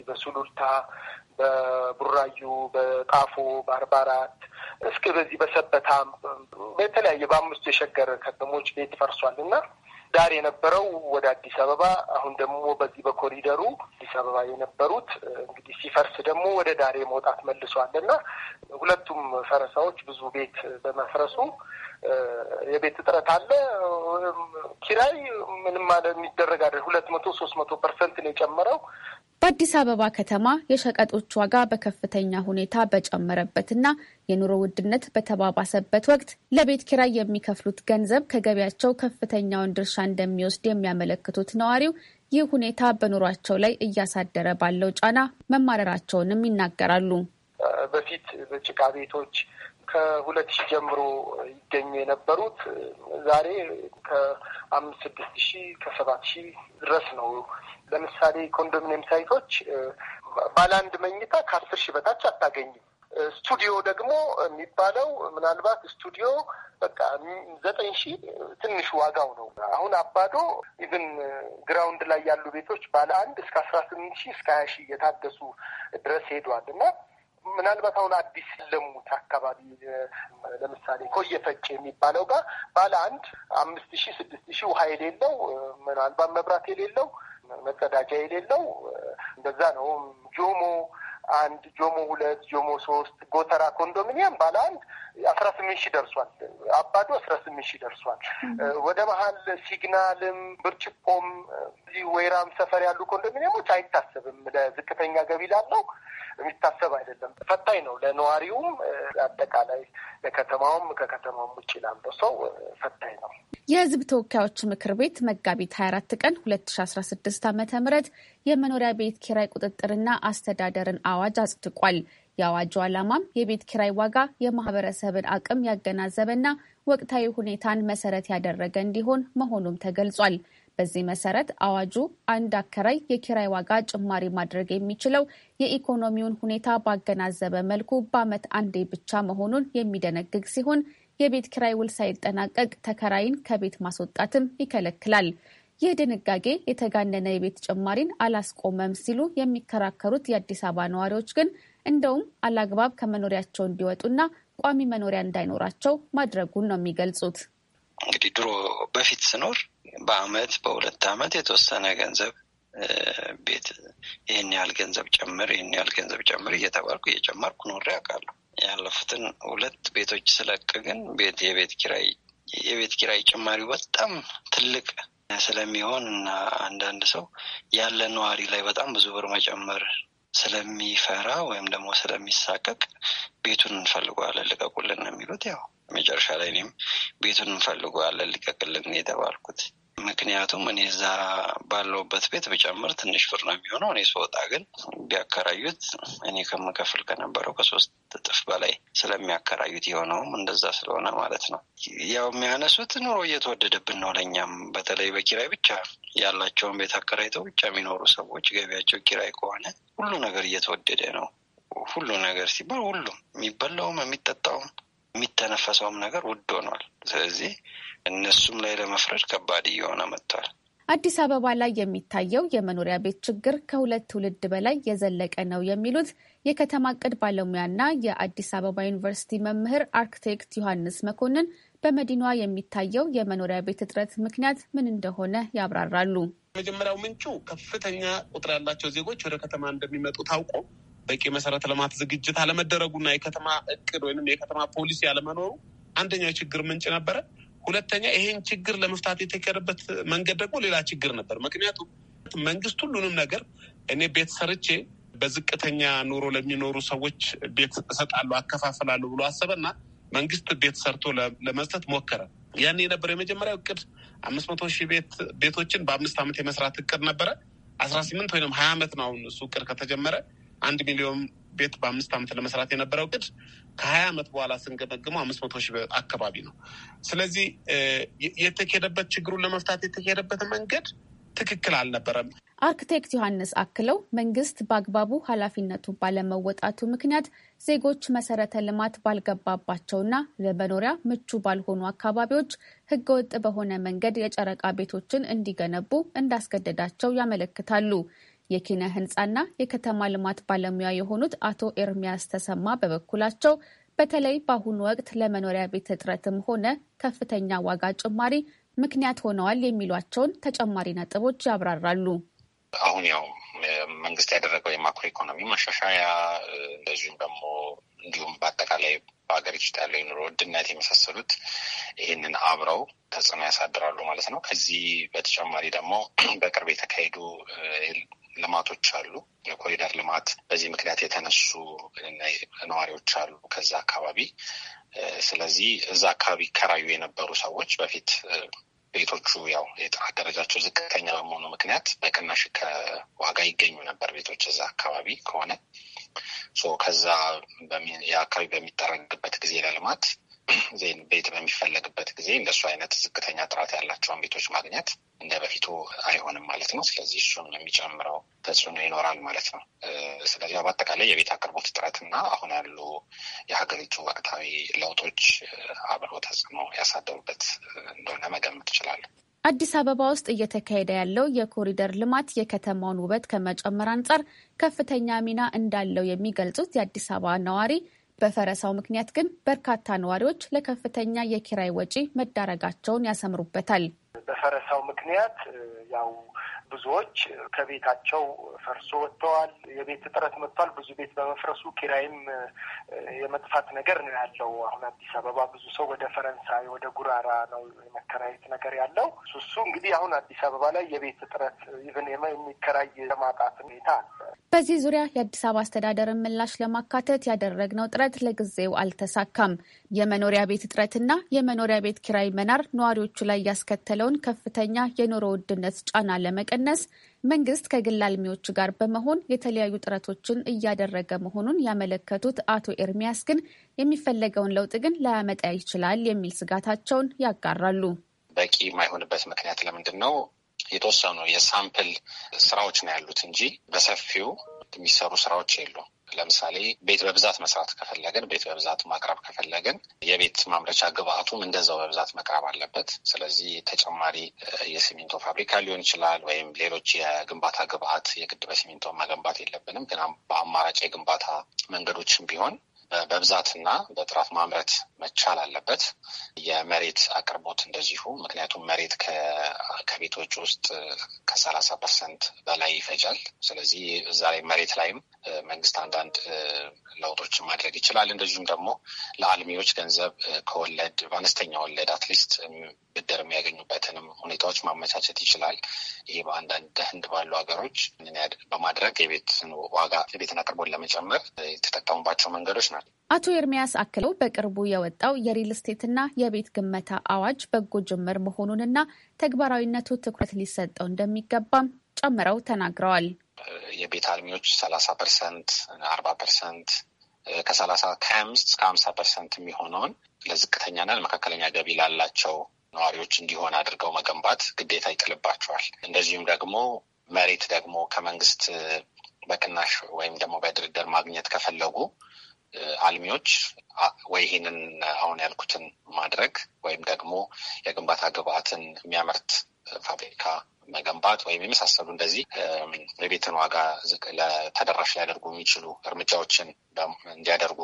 በሱሉልታ በቡራዩ፣ በጣፎ፣ በአርባ አራት እስከ በዚህ በሰበታም በተለያየ በአምስቱ የሸገር ከተሞች ቤት ፈርሷል እና ዳር የነበረው ወደ አዲስ አበባ አሁን ደግሞ በዚህ በኮሪደሩ አዲስ አበባ የነበሩት እንግዲህ ሲፈርስ ደግሞ ወደ ዳር መውጣት መልሷል እና ሁለቱም ፈረሳዎች ብዙ ቤት በመፍረሱ የቤት እጥረት አለ። ኪራይ ምንም ማለ የሚደረግ አይደል። ሁለት መቶ ሶስት መቶ ፐርሰንት ነው የጨመረው። በአዲስ አበባ ከተማ የሸቀጦች ዋጋ በከፍተኛ ሁኔታ በጨመረበትና የኑሮ ውድነት በተባባሰበት ወቅት ለቤት ኪራይ የሚከፍሉት ገንዘብ ከገቢያቸው ከፍተኛውን ድርሻ እንደሚወስድ የሚያመለክቱት ነዋሪው ይህ ሁኔታ በኑሯቸው ላይ እያሳደረ ባለው ጫና መማረራቸውንም ይናገራሉ። በፊት በጭቃ ቤቶች ከሁለት ሺህ ጀምሮ ይገኙ የነበሩት ዛሬ ከአምስት ስድስት ሺህ ከሰባት ሺህ ድረስ ነው ለምሳሌ ኮንዶሚኒየም ሳይቶች ባለ አንድ መኝታ ከአስር ሺህ በታች አታገኝም። ስቱዲዮ ደግሞ የሚባለው ምናልባት ስቱዲዮ በቃ ዘጠኝ ሺህ ትንሽ ዋጋው ነው። አሁን አባዶ ኢቭን ግራውንድ ላይ ያሉ ቤቶች ባለ አንድ እስከ አስራ ስምንት ሺህ እስከ ሀያ ሺህ እየታገሱ ድረስ ሄዷል እና ምናልባት አሁን አዲስ ለሙት አካባቢ ለምሳሌ ኮየፈጭ የሚባለው ጋር ባለ አንድ አምስት ሺህ ስድስት ሺህ ውሃ የሌለው ምናልባት መብራት የሌለው መጸዳጃ የሌለው እንደዛ ነው። ጆሞ አንድ፣ ጆሞ ሁለት፣ ጆሞ ሶስት፣ ጎተራ ኮንዶሚኒየም ባለ አንድ አስራ ስምንት ሺህ ደርሷል። አባዶ አስራ ስምንት ሺህ ደርሷል። ወደ መሀል ሲግናልም፣ ብርጭቆም፣ እዚህ ወይራም ሰፈር ያሉ ኮንዶሚኒየሞች አይታሰብም። ለዝቅተኛ ገቢ ላለው የሚታሰብ አይደለም። ፈታኝ ነው ለነዋሪውም፣ አጠቃላይ ለከተማውም፣ ከከተማውም ውጭ ላለው ሰው ፈታኝ ነው። የህዝብ ተወካዮች ምክር ቤት መጋቢት 24 ቀን 2016 ዓ ም የመኖሪያ ቤት ኪራይ ቁጥጥርና አስተዳደርን አዋጅ አጽድቋል። የአዋጁ ዓላማም የቤት ኪራይ ዋጋ የማህበረሰብን አቅም ያገናዘበና ወቅታዊ ሁኔታን መሰረት ያደረገ እንዲሆን መሆኑም ተገልጿል። በዚህ መሰረት አዋጁ አንድ አከራይ የኪራይ ዋጋ ጭማሪ ማድረግ የሚችለው የኢኮኖሚውን ሁኔታ ባገናዘበ መልኩ በዓመት አንዴ ብቻ መሆኑን የሚደነግግ ሲሆን የቤት ኪራይ ውል ሳይጠናቀቅ ተከራይን ከቤት ማስወጣትም ይከለክላል። ይህ ድንጋጌ የተጋነነ የቤት ጭማሪን አላስቆመም ሲሉ የሚከራከሩት የአዲስ አበባ ነዋሪዎች ግን እንደውም አላግባብ ከመኖሪያቸው እንዲወጡና ቋሚ መኖሪያ እንዳይኖራቸው ማድረጉን ነው የሚገልጹት። እንግዲህ ድሮ በፊት ስኖር በአመት በሁለት አመት የተወሰነ ገንዘብ ቤት ይህን ያህል ገንዘብ ጨምር፣ ይህን ያህል ገንዘብ ጨምር እየተባልኩ እየጨመርኩ ኖሬ አውቃለሁ። ያለፉትን ሁለት ቤቶች ስለቅ ግን ቤት የቤት ኪራይ የቤት ኪራይ ጭማሪው በጣም ትልቅ ስለሚሆን እና አንዳንድ ሰው ያለ ነዋሪ ላይ በጣም ብዙ ብር መጨመር ስለሚፈራ ወይም ደግሞ ስለሚሳቀቅ ቤቱን እንፈልገዋለን ልቀቁልን ነው የሚሉት። ያው መጨረሻ ላይ እኔም ቤቱን እንፈልገዋለን ልቀቅልን የተባልኩት ምክንያቱም እኔ እዛ ባለውበት ቤት ብጨምር ትንሽ ብር ነው የሚሆነው። እኔ ስወጣ ግን ቢያከራዩት እኔ ከምከፍል ከነበረው ከሶስት እጥፍ በላይ ስለሚያከራዩት የሆነውም እንደዛ ስለሆነ ማለት ነው። ያው የሚያነሱት ኑሮ እየተወደደብን ነው። ለእኛም በተለይ በኪራይ ብቻ ያላቸውን ቤት አከራይተው ብቻ የሚኖሩ ሰዎች ገቢያቸው ኪራይ ከሆነ ሁሉ ነገር እየተወደደ ነው። ሁሉ ነገር ሲባል ሁሉም የሚበላውም የሚጠጣውም የሚተነፈሰውም ነገር ውድ ሆኗል። ስለዚህ እነሱም ላይ ለመፍረድ ከባድ እየሆነ መጥቷል። አዲስ አበባ ላይ የሚታየው የመኖሪያ ቤት ችግር ከሁለት ትውልድ በላይ የዘለቀ ነው የሚሉት የከተማ እቅድ ባለሙያና የአዲስ አበባ ዩኒቨርሲቲ መምህር አርክቴክት ዮሐንስ መኮንን በመዲናዋ የሚታየው የመኖሪያ ቤት እጥረት ምክንያት ምን እንደሆነ ያብራራሉ። መጀመሪያው ምንጩ ከፍተኛ ቁጥር ያላቸው ዜጎች ወደ ከተማ እንደሚመጡ ታውቆ በቂ መሰረተ ልማት ዝግጅት አለመደረጉና የከተማ እቅድ ወይም የከተማ ፖሊሲ አለመኖሩ አንደኛው ችግር ምንጭ ነበረ። ሁለተኛ ይሄን ችግር ለመፍታት የተካሄደበት መንገድ ደግሞ ሌላ ችግር ነበር። ምክንያቱም መንግስት ሁሉንም ነገር እኔ ቤት ሰርቼ በዝቅተኛ ኑሮ ለሚኖሩ ሰዎች ቤት እሰጣለሁ አከፋፍላለሁ ብሎ አሰበና መንግስት ቤት ሰርቶ ለመስጠት ሞከረ። ያኔ የነበረ የመጀመሪያው እቅድ አምስት መቶ ሺህ ቤት ቤቶችን በአምስት ዓመት የመስራት እቅድ ነበረ። አስራ ስምንት ወይም ሀያ ዓመት ነው አሁን እሱ እቅድ ከተጀመረ አንድ ሚሊዮን ቤት በአምስት ዓመት ለመስራት የነበረው እቅድ ከሀያ ዓመት በኋላ ስንገመግመው አምስት መቶ ሺህ አካባቢ ነው። ስለዚህ የተካሄደበት ችግሩን ለመፍታት የተካሄደበት መንገድ ትክክል አልነበረም። አርክቴክት ዮሐንስ አክለው መንግስት በአግባቡ ኃላፊነቱ ባለመወጣቱ ምክንያት ዜጎች መሰረተ ልማት ባልገባባቸውና ለመኖሪያ ምቹ ባልሆኑ አካባቢዎች ህገወጥ በሆነ መንገድ የጨረቃ ቤቶችን እንዲገነቡ እንዳስገደዳቸው ያመለክታሉ። የኪነ ህንፃና የከተማ ልማት ባለሙያ የሆኑት አቶ ኤርሚያስ ተሰማ በበኩላቸው በተለይ በአሁኑ ወቅት ለመኖሪያ ቤት እጥረትም ሆነ ከፍተኛ ዋጋ ጭማሪ ምክንያት ሆነዋል የሚሏቸውን ተጨማሪ ነጥቦች ያብራራሉ። አሁን ያው መንግስት ያደረገው የማክሮ ኢኮኖሚ ማሻሻያ እንደዚሁም ደግሞ እንዲሁም በአጠቃላይ በሀገሪቱ ውስጥ ያለው የኑሮ ውድነት የመሳሰሉት ይህንን አብረው ተጽዕኖ ያሳድራሉ ማለት ነው። ከዚህ በተጨማሪ ደግሞ <clears throat> በቅርብ የተካሄዱ ልማቶች አሉ። የኮሪደር ልማት በዚህ ምክንያት የተነሱ ነዋሪዎች አሉ ከዛ አካባቢ። ስለዚህ እዛ አካባቢ ከራዩ የነበሩ ሰዎች በፊት ቤቶቹ ያው የጥራት ደረጃቸው ዝቅተኛ በመሆኑ ምክንያት በቅናሽ ከዋጋ ይገኙ ነበር ቤቶች እዛ አካባቢ ከሆነ ከዛ የአካባቢ በሚጠረግበት ጊዜ ለልማት ቤት በሚፈለግበት ጊዜ እንደሱ አይነት ዝቅተኛ ጥራት ያላቸውን ቤቶች ማግኘት እንደ በፊቱ አይሆንም ማለት ነው። ስለዚህ እሱም የሚጨምረው ተጽዕኖ ይኖራል ማለት ነው። ስለዚህ በአጠቃላይ የቤት አቅርቦት እጥረት እና አሁን ያሉ የሀገሪቱ ወቅታዊ ለውጦች አብሮ ተጽዕኖ ያሳደሩበት እንደሆነ መገመት ይችላሉ። አዲስ አበባ ውስጥ እየተካሄደ ያለው የኮሪደር ልማት የከተማውን ውበት ከመጨመር አንጻር ከፍተኛ ሚና እንዳለው የሚገልጹት የአዲስ አበባ ነዋሪ በፈረሳው ምክንያት ግን በርካታ ነዋሪዎች ለከፍተኛ የኪራይ ወጪ መዳረጋቸውን ያሰምሩበታል። በፈረሳው ምክንያት ያው ብዙዎች ከቤታቸው ፈርሶ ወጥተዋል። የቤት እጥረት መጥቷል። ብዙ ቤት በመፍረሱ ኪራይም የመጥፋት ነገር ነው ያለው። አሁን አዲስ አበባ ብዙ ሰው ወደ ፈረንሳይ፣ ወደ ጉራራ ነው የመከራየት ነገር ያለው። እሱ እንግዲህ አሁን አዲስ አበባ ላይ የቤት እጥረት ኢቨን የሚከራይ ለማጣት ሁኔታ በዚህ ዙሪያ የአዲስ አበባ አስተዳደርን ምላሽ ለማካተት ያደረግነው ጥረት ለጊዜው አልተሳካም። የመኖሪያ ቤት እጥረትና የመኖሪያ ቤት ኪራይ መናር ነዋሪዎቹ ላይ ያስከተለውን ከፍተኛ የኑሮ ውድነት ጫና ለመቀነስ መንግስት ከግል አልሚዎች ጋር በመሆን የተለያዩ ጥረቶችን እያደረገ መሆኑን ያመለከቱት አቶ ኤርሚያስ ግን የሚፈለገውን ለውጥ ግን ላያመጣ ይችላል የሚል ስጋታቸውን ያጋራሉ። በቂ የማይሆንበት ምክንያት ለምንድን ነው? የተወሰኑ የሳምፕል ስራዎች ነው ያሉት እንጂ በሰፊው የሚሰሩ ስራዎች የሉም። ለምሳሌ ቤት በብዛት መስራት ከፈለግን፣ ቤት በብዛት ማቅረብ ከፈለግን የቤት ማምረቻ ግብአቱም እንደዛው በብዛት መቅረብ አለበት። ስለዚህ ተጨማሪ የሲሚንቶ ፋብሪካ ሊሆን ይችላል ወይም ሌሎች የግንባታ ግብአት የግድ በሲሚንቶ መገንባት የለብንም። ግን በአማራጭ የግንባታ መንገዶችም ቢሆን በብዛትና በጥራት ማምረት መቻል አለበት። የመሬት አቅርቦት እንደዚሁ። ምክንያቱም መሬት ከቤቶች ውስጥ ከሰላሳ ፐርሰንት በላይ ይፈጃል። ስለዚህ እዛ ላይ መሬት ላይም መንግስት አንዳንድ ለውጦችን ማድረግ ይችላል። እንደዚሁም ደግሞ ለአልሚዎች ገንዘብ ከወለድ በአነስተኛ ወለድ አትሊስት ብድር የሚያገኙበትንም ሁኔታዎች ማመቻቸት ይችላል። ይሄ በአንዳንድ ህንድ ባሉ ሀገሮች በማድረግ የቤትን ዋጋ የቤትን አቅርቦት ለመጨመር የተጠቀሙባቸው መንገዶች ናቸው። ይላል። አቶ ኤርሚያስ አክለው በቅርቡ የወጣው የሪል ስቴትና የቤት ግመታ አዋጅ በጎ ጅምር መሆኑንና ተግባራዊነቱ ትኩረት ሊሰጠው እንደሚገባም ጨምረው ተናግረዋል። የቤት አልሚዎች ሰላሳ ፐርሰንት አርባ ፐርሰንት ከሰላሳ ከሀያ አምስት እስከ ሀምሳ ፐርሰንት የሚሆነውን ለዝቅተኛና ለመካከለኛ ገቢ ላላቸው ነዋሪዎች እንዲሆን አድርገው መገንባት ግዴታ ይጥልባቸዋል። እንደዚሁም ደግሞ መሬት ደግሞ ከመንግስት በቅናሽ ወይም ደግሞ በድርድር ማግኘት ከፈለጉ አልሚዎች ወይ ይህንን አሁን ያልኩትን ማድረግ ወይም ደግሞ የግንባታ ግብአትን የሚያመርት ፋብሪካ መገንባት ወይም የመሳሰሉ እንደዚህ የቤትን ዋጋ ተደራሽ ሊያደርጉ የሚችሉ እርምጃዎችን እንዲያደርጉ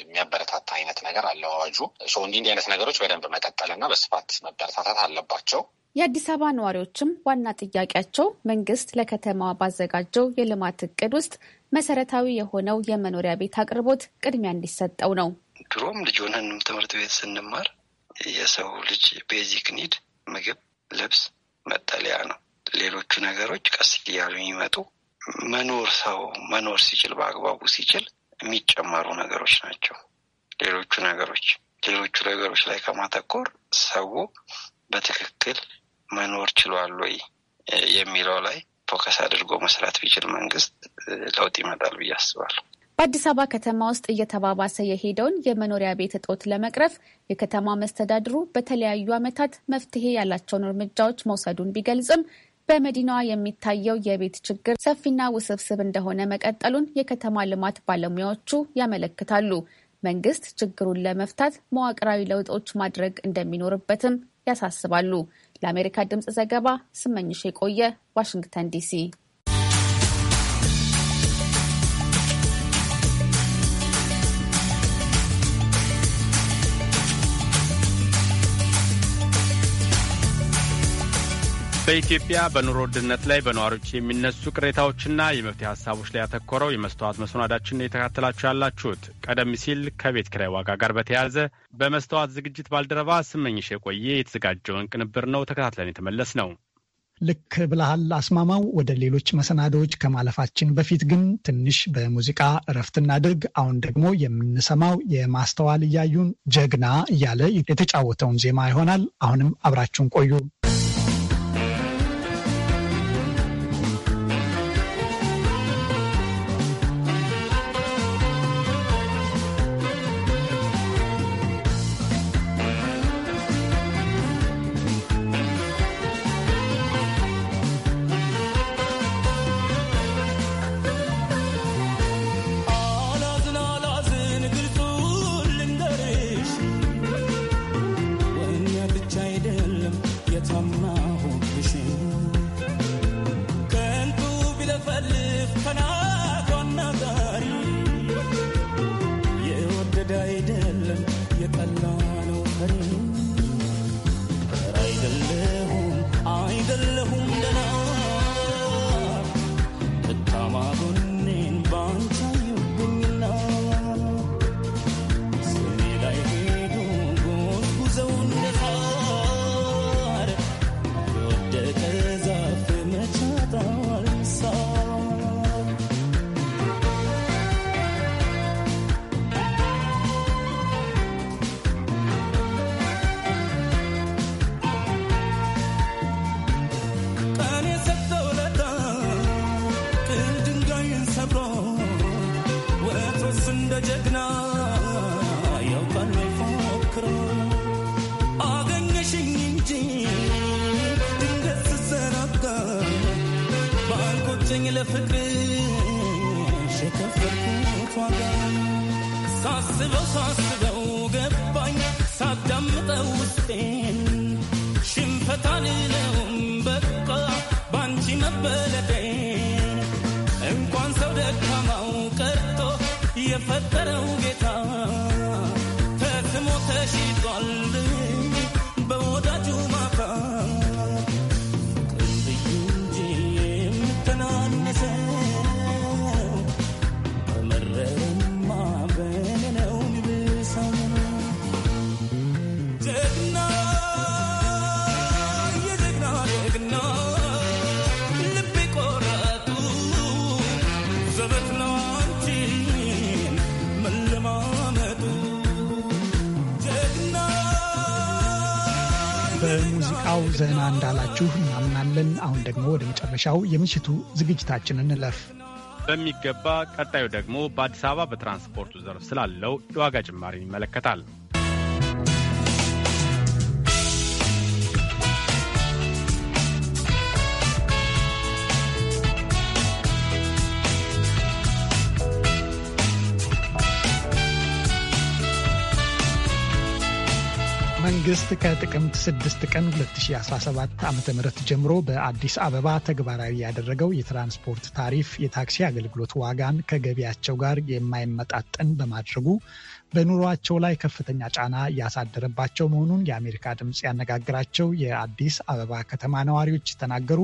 የሚያበረታታ አይነት ነገር አለ አዋጁ። እንዲህ እንዲህ አይነት ነገሮች በደንብ መቀጠልና በስፋት መበረታታት አለባቸው። የአዲስ አበባ ነዋሪዎችም ዋና ጥያቄያቸው መንግስት ለከተማዋ ባዘጋጀው የልማት እቅድ ውስጥ መሰረታዊ የሆነው የመኖሪያ ቤት አቅርቦት ቅድሚያ እንዲሰጠው ነው። ድሮም ልጅ ሆነንም ትምህርት ቤት ስንማር የሰው ልጅ ቤዚክ ኒድ ምግብ፣ ልብስ፣ መጠለያ ነው። ሌሎቹ ነገሮች ቀስ እያሉ የሚመጡ መኖር ሰው መኖር ሲችል በአግባቡ ሲችል የሚጨመሩ ነገሮች ናቸው። ሌሎቹ ነገሮች ሌሎቹ ነገሮች ላይ ከማተኮር ሰው በትክክል መኖር ችሏል ወይ የሚለው ላይ ፎከስ አድርጎ መስራት ቢችል መንግስት ለውጥ ይመጣል ብዬ አስባለሁ። በአዲስ አበባ ከተማ ውስጥ እየተባባሰ የሄደውን የመኖሪያ ቤት እጦት ለመቅረፍ የከተማ መስተዳድሩ በተለያዩ ዓመታት መፍትሄ ያላቸውን እርምጃዎች መውሰዱን ቢገልጽም በመዲናዋ የሚታየው የቤት ችግር ሰፊና ውስብስብ እንደሆነ መቀጠሉን የከተማ ልማት ባለሙያዎቹ ያመለክታሉ። መንግስት ችግሩን ለመፍታት መዋቅራዊ ለውጦች ማድረግ እንደሚኖርበትም ያሳስባሉ። ለአሜሪካ ድምፅ ዘገባ ስመኝሽ የቆየ ዋሽንግተን ዲሲ በኢትዮጵያ በኑሮ ውድነት ላይ በነዋሪዎች የሚነሱ ቅሬታዎችና የመፍትሄ ሀሳቦች ላይ ያተኮረው የመስተዋት መሰናዳችን የተካተላችሁ ያላችሁት ቀደም ሲል ከቤት ክራይ ዋጋ ጋር በተያያዘ በመስተዋት ዝግጅት ባልደረባ ስመኝሽ የቆየ የተዘጋጀውን ቅንብር ነው ተከታትለን የተመለስ ነው። ልክ ብለሃል አስማማው። ወደ ሌሎች መሰናዶዎች ከማለፋችን በፊት ግን ትንሽ በሙዚቃ እረፍት እናድርግ። አሁን ደግሞ የምንሰማው የማስተዋል እያዩን ጀግና እያለ የተጫወተውን ዜማ ይሆናል። አሁንም አብራችሁን ቆዩ። እንዳላችሁ እናምናለን። አሁን ደግሞ ወደ መጨረሻው የምሽቱ ዝግጅታችን እንለፍ። በሚገባ ቀጣዩ ደግሞ በአዲስ አበባ በትራንስፖርቱ ዘርፍ ስላለው የዋጋ ጭማሪን ይመለከታል። መንግስት ከጥቅምት 6 ቀን 2017 ዓ ም ጀምሮ በአዲስ አበባ ተግባራዊ ያደረገው የትራንስፖርት ታሪፍ የታክሲ አገልግሎት ዋጋን ከገቢያቸው ጋር የማይመጣጠን በማድረጉ በኑሯቸው ላይ ከፍተኛ ጫና እያሳደረባቸው መሆኑን የአሜሪካ ድምፅ ያነጋገራቸው የአዲስ አበባ ከተማ ነዋሪዎች ተናገሩ።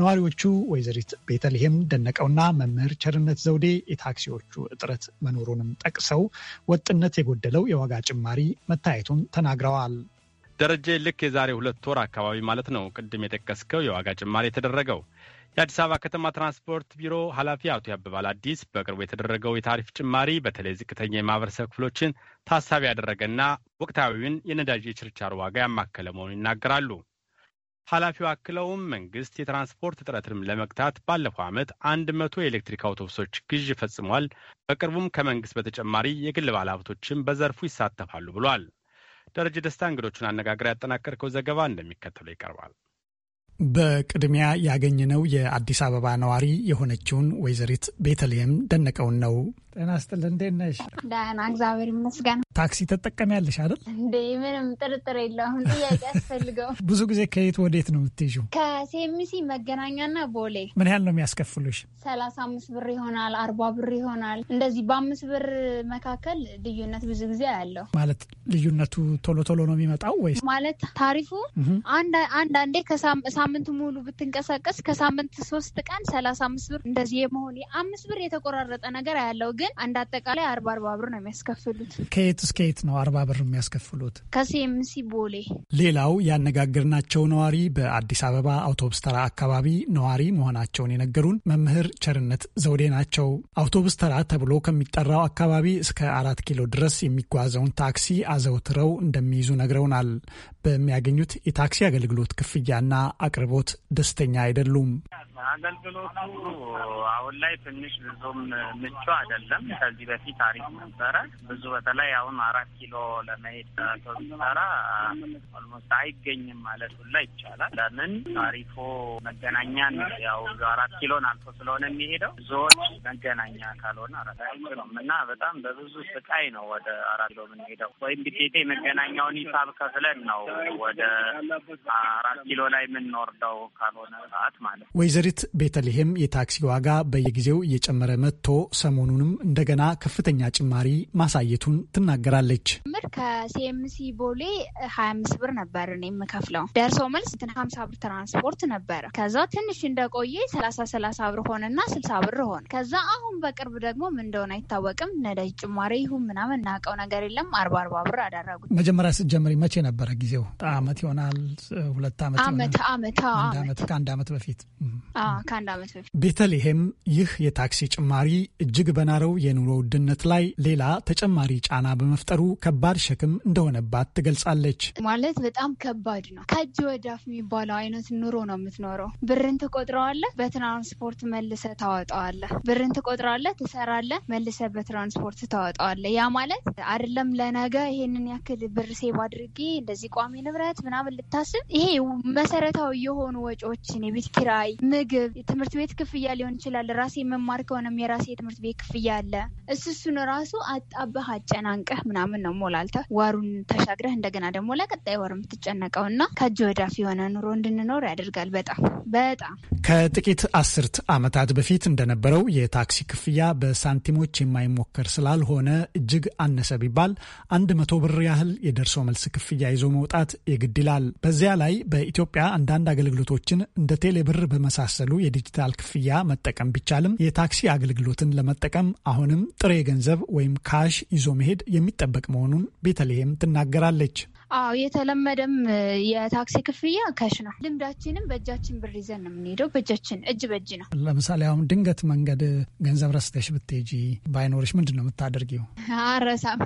ነዋሪዎቹ ወይዘሪት ቤተልሔም ደነቀውና መምህር ቸርነት ዘውዴ የታክሲዎቹ እጥረት መኖሩንም ጠቅሰው ወጥነት የጎደለው የዋጋ ጭማሪ መታየቱን ተናግረዋል። ደረጀ፣ ልክ የዛሬ ሁለት ወር አካባቢ ማለት ነው ቅድም የጠቀስከው የዋጋ ጭማሪ የተደረገው የአዲስ አበባ ከተማ ትራንስፖርት ቢሮ ኃላፊ አቶ ያበባል አዲስ በቅርቡ የተደረገው የታሪፍ ጭማሪ በተለይ ዝቅተኛ የማህበረሰብ ክፍሎችን ታሳቢ ያደረገና ወቅታዊውን የነዳጅ የችርቻር ዋጋ ያማከለ መሆኑን ይናገራሉ። ኃላፊው አክለውም መንግስት የትራንስፖርት እጥረትንም ለመግታት ባለፈው ዓመት አንድ መቶ የኤሌክትሪክ አውቶቡሶች ግዥ ፈጽሟል። በቅርቡም ከመንግስት በተጨማሪ የግል ባለሀብቶችም በዘርፉ ይሳተፋሉ ብሏል። ደረጀ ደስታ እንግዶቹን አነጋግር ያጠናቀርከው ዘገባ እንደሚከተለው ይቀርባል። በቅድሚያ ያገኘነው የአዲስ አበባ ነዋሪ የሆነችውን ወይዘሪት ቤተልሔም ደነቀውን ነው። ጤና ስጥል፣ እንዴት ነሽ? ደህና እግዚአብሔር ይመስገን። ታክሲ ተጠቀሚያለሽ አይደል? እንዴ ምንም ጥርጥር የለውም። ጥያቄ ያስፈልገው። <laughs> ብዙ ጊዜ ከየት ወዴት ነው የምትይዥው? ከሴሚሲ መገናኛና ቦሌ። ምን ያህል ነው የሚያስከፍሉሽ? ሰላሳ አምስት ብር ይሆናል፣ አርባ ብር ይሆናል። እንደዚህ በአምስት ብር መካከል ልዩነት ብዙ ጊዜ አያለው። ማለት ልዩነቱ ቶሎ ቶሎ ነው የሚመጣው ወይስ? ማለት ታሪፉ አንዳንዴ ሳምንት ሙሉ ብትንቀሳቀስ ከሳምንት ሶስት ቀን ሰላሳ አምስት ብር እንደዚህ የመሆን አምስት ብር የተቆራረጠ ነገር አያለው ግን አንድ አጠቃላይ አርባ አርባ ብር ነው የሚያስከፍሉት። ከየት እስከ የት ነው አርባ ብር የሚያስከፍሉት? ከሴምሲ ቦሌ። ሌላው ያነጋገርናቸው ነዋሪ በአዲስ አበባ አውቶቡስ ተራ አካባቢ ነዋሪ መሆናቸውን የነገሩን መምህር ቸርነት ዘውዴ ናቸው። አውቶቡስ ተራ ተብሎ ከሚጠራው አካባቢ እስከ አራት ኪሎ ድረስ የሚጓዘውን ታክሲ አዘውትረው እንደሚይዙ ነግረውናል። በሚያገኙት የታክሲ አገልግሎት ክፍያና አቅርቦት ደስተኛ አይደሉም። አገልግሎቱ አሁን ላይ ትንሽ ብዙም ምቹ አይደለም። ከዚህ በፊት አሪፍ ነበረ። ብዙ በተለይ አሁን አራት ኪሎ ለመሄድ ተሰራ ኦልሞስት አይገኝም ማለት ሁላ ይቻላል። ለምን ታሪፎ መገናኛን ያው አራት ኪሎን አልፎ ስለሆነ የሚሄደው ብዙዎች መገናኛ ካልሆነ አራት ነው እና በጣም በብዙ ስቃይ ነው ወደ አራት ኪሎ የምንሄደው። ወይም ቢቴቴ የመገናኛውን ሂሳብ ከፍለን ነው ወደ አራት ኪሎ ላይ የምንወርደው ካልሆነ ሰዓት ማለት ነው። በእርግጥ ቤተልሔም የታክሲ ዋጋ በየጊዜው እየጨመረ መጥቶ ሰሞኑንም እንደገና ከፍተኛ ጭማሪ ማሳየቱን ትናገራለች። ምር ከሲኤምሲ ቦሌ ሀያ አምስት ብር ነበር እኔ የምከፍለው ደርሶ መልስ ሀምሳ ብር ትራንስፖርት ነበረ። ከዛ ትንሽ እንደቆየ ሰላሳ ሰላሳ ብር ሆነና ስልሳ ብር ሆነ። ከዛ አሁን በቅርብ ደግሞ ምን እንደሆነ አይታወቅም ነዳጅ ጭማሪ ይሁን ምናምን እናውቀው ነገር የለም አርባ አርባ ብር አደረጉት። መጀመሪያ ስትጀምሪ መቼ ነበረ ጊዜው? አመት ይሆናል ሁለት አመት አመት አመት ከአንድ አመት በፊት ከአንድ ዓመት በፊት ቤተልሔም፣ ይህ የታክሲ ጭማሪ እጅግ በናረው የኑሮ ውድነት ላይ ሌላ ተጨማሪ ጫና በመፍጠሩ ከባድ ሸክም እንደሆነባት ትገልጻለች። ማለት በጣም ከባድ ነው። ከእጅ ወዳፍ የሚባለው አይነት ኑሮ ነው የምትኖረው። ብርን ትቆጥረዋለህ፣ በትራንስፖርት መልሰ ታወጣዋለህ። ብርን ትቆጥረዋለህ፣ ትሰራለህ፣ መልሰ በትራንስፖርት ታወጣዋለህ። ያ ማለት አይደለም ለነገ ይሄንን ያክል ብር ሴቭ አድርጌ እንደዚህ ቋሚ ንብረት ምናምን ልታስብ ይሄ መሰረታዊ የሆኑ ወጪዎችን የቤት ኪራይ፣ ምግብ ምግብ፣ የትምህርት ቤት ክፍያ ሊሆን ይችላል። ራሴ መማር ከሆነም የራሴ የትምህርት ቤት ክፍያ አለ። እሱ እሱን ራሱ አጣበህ አጨናንቀህ ምናምን ነው ሞላልተህ ወሩን ተሻግረህ እንደገና ደግሞ ለቀጣይ ወር የምትጨነቀው እና ከእጅ ወዳፍ የሆነ ኑሮ እንድንኖር ያደርጋል። በጣም በጣም ከጥቂት አስርት ዓመታት በፊት እንደነበረው የታክሲ ክፍያ በሳንቲሞች የማይሞከር ስላልሆነ እጅግ አነሰ ቢባል አንድ መቶ ብር ያህል የደርሶ መልስ ክፍያ ይዞ መውጣት የግድ ይላል። በዚያ ላይ በኢትዮጵያ አንዳንድ አገልግሎቶችን እንደ ቴሌ ብር በመሳሰ የመሳሰሉ የዲጂታል ክፍያ መጠቀም ቢቻልም የታክሲ አገልግሎትን ለመጠቀም አሁንም ጥሬ ገንዘብ ወይም ካሽ ይዞ መሄድ የሚጠበቅ መሆኑን ቤተልሔም ትናገራለች። አዎ የተለመደም የታክሲ ክፍያ ከሽ ነው። ልምዳችንም በእጃችን ብር ይዘን ነው የምንሄደው። በእጃችን እጅ በእጅ ነው። ለምሳሌ አሁን ድንገት መንገድ ገንዘብ ረስተሽ ብትሄጂ ባይኖርሽ ምንድን ነው የምታደርጊው? አረሳም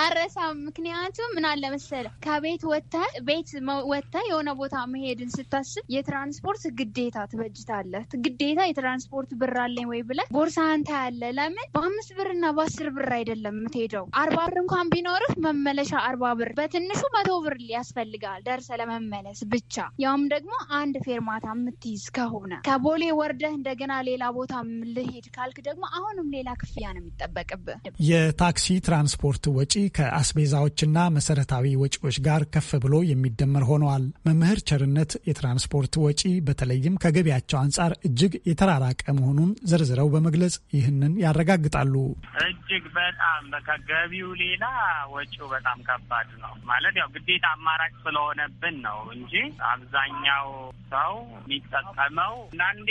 አረሳም። ምክንያቱም ምን አለ መሰለህ ከቤት ወጥተህ ቤት ወጥተህ የሆነ ቦታ መሄድን ስታስብ የትራንስፖርት ግዴታ ትበጅታለህ። ግዴታ የትራንስፖርት ብር አለኝ ወይ ብለህ ቦርሳህን ያለ ለምን በአምስት ብር በአስር ብር አይደለም የምትሄደው። አርባ ብር እንኳን ቢኖርህ መመለሻ አርባ ብር፣ በትንሹ መቶ ብር ያስፈልጋል ደርሰ ለመመለስ ብቻ። ያውም ደግሞ አንድ ፌርማታ የምትይዝ ከሆነ ከቦሌ ወርደህ እንደገና ሌላ ቦታ ልሄድ ካልክ ደግሞ አሁንም ሌላ ክፍያ ነው የሚጠበቅብህ የታክሲ ትራንስ የትራንስፖርት ወጪ ከአስቤዛዎችና መሰረታዊ ወጪዎች ጋር ከፍ ብሎ የሚደመር ሆነዋል። መምህር ቸርነት የትራንስፖርት ወጪ በተለይም ከገቢያቸው አንጻር እጅግ የተራራቀ መሆኑን ዘርዝረው በመግለጽ ይህንን ያረጋግጣሉ። እጅግ በጣም በቃ ሌላ ወጪው በጣም ከባድ ነው። ማለት ያው ግዴታ አማራጭ ስለሆነብን ነው እንጂ አብዛኛው ሰው የሚጠቀመው እናንዴ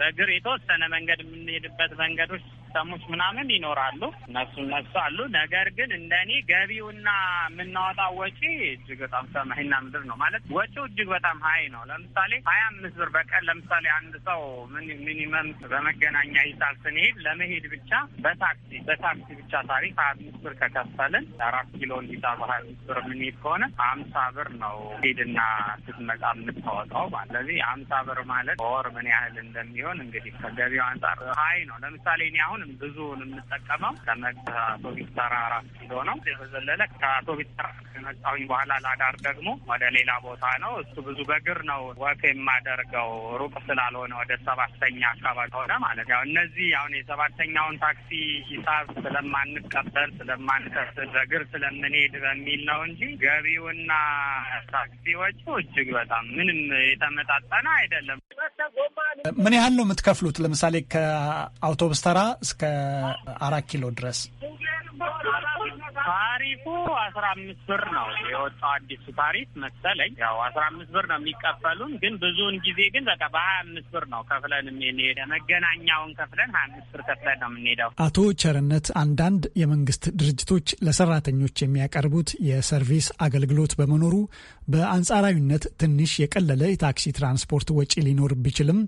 በእግር የተወሰነ መንገድ የምንሄድበት መንገዶች ሲስተሞች ምናምን ይኖራሉ። እነሱ እነሱ አሉ። ነገር ግን እንደኔ ገቢውና የምናወጣው ወጪ እጅግ በጣም ሰማይና ምድር ነው። ማለት ወጪው እጅግ በጣም ሀይ ነው። ለምሳሌ ሀያ አምስት ብር በቀን ለምሳሌ አንድ ሰው ሚኒመም በመገናኛ ሂሳብ ስንሄድ ለመሄድ ብቻ በታክሲ በታክሲ ብቻ ታሪክ ሀያ አምስት ብር ከከፈልን አራት ኪሎ ሂሳብ ሀያ አምስት ብር የምንሄድ ከሆነ አምሳ ብር ነው ሄድና ስትመጣ የምታወጣው። ስለዚህ አምሳ ብር ማለት ወር ምን ያህል እንደሚሆን እንግዲህ ከገቢው አንጻር ሀይ ነው። ለምሳሌ እኔ አሁን ብዙውን የምጠቀመው ከአውቶቢስ ተራ አራት ኪሎ ነው። የበዘለለ ከአውቶቢስ ተራ ከመጣሁኝ በኋላ ላዳር ደግሞ ወደ ሌላ ቦታ ነው። እሱ ብዙ በግር ነው ወክ የማደርገው ሩቅ ስላልሆነ ወደ ሰባተኛ አካባቢ ሆነ ማለት ያው እነዚህ አሁን የሰባተኛውን ታክሲ ሂሳብ ስለማንቀበል ስለማንከፍል በግር ስለምንሄድ በሚል ነው እንጂ ገቢውና ታክሲዎቹ እጅግ በጣም ምንም የተመጣጠነ አይደለም። ምን ያህል ነው የምትከፍሉት? ለምሳሌ ከአውቶቡስ ተራ እስከ አራት ኪሎ ድረስ ታሪፉ አስራ አምስት ብር ነው የወጣው አዲሱ ታሪፍ መሰለኝ። ያው አስራ አምስት ብር ነው የሚቀበሉን፣ ግን ብዙውን ጊዜ ግን በቃ በሀያ አምስት ብር ነው ከፍለን የምንሄደ መገናኛውን ከፍለን ሀያ አምስት ብር ከፍለን ነው የምንሄደው። አቶ ቸርነት አንዳንድ የመንግስት ድርጅቶች ለሰራተኞች የሚያቀርቡት የሰርቪስ አገልግሎት በመኖሩ በአንጻራዊነት ትንሽ የቀለለ የታክሲ ትራንስፖርት ወጪ ሊኖር ቢችልም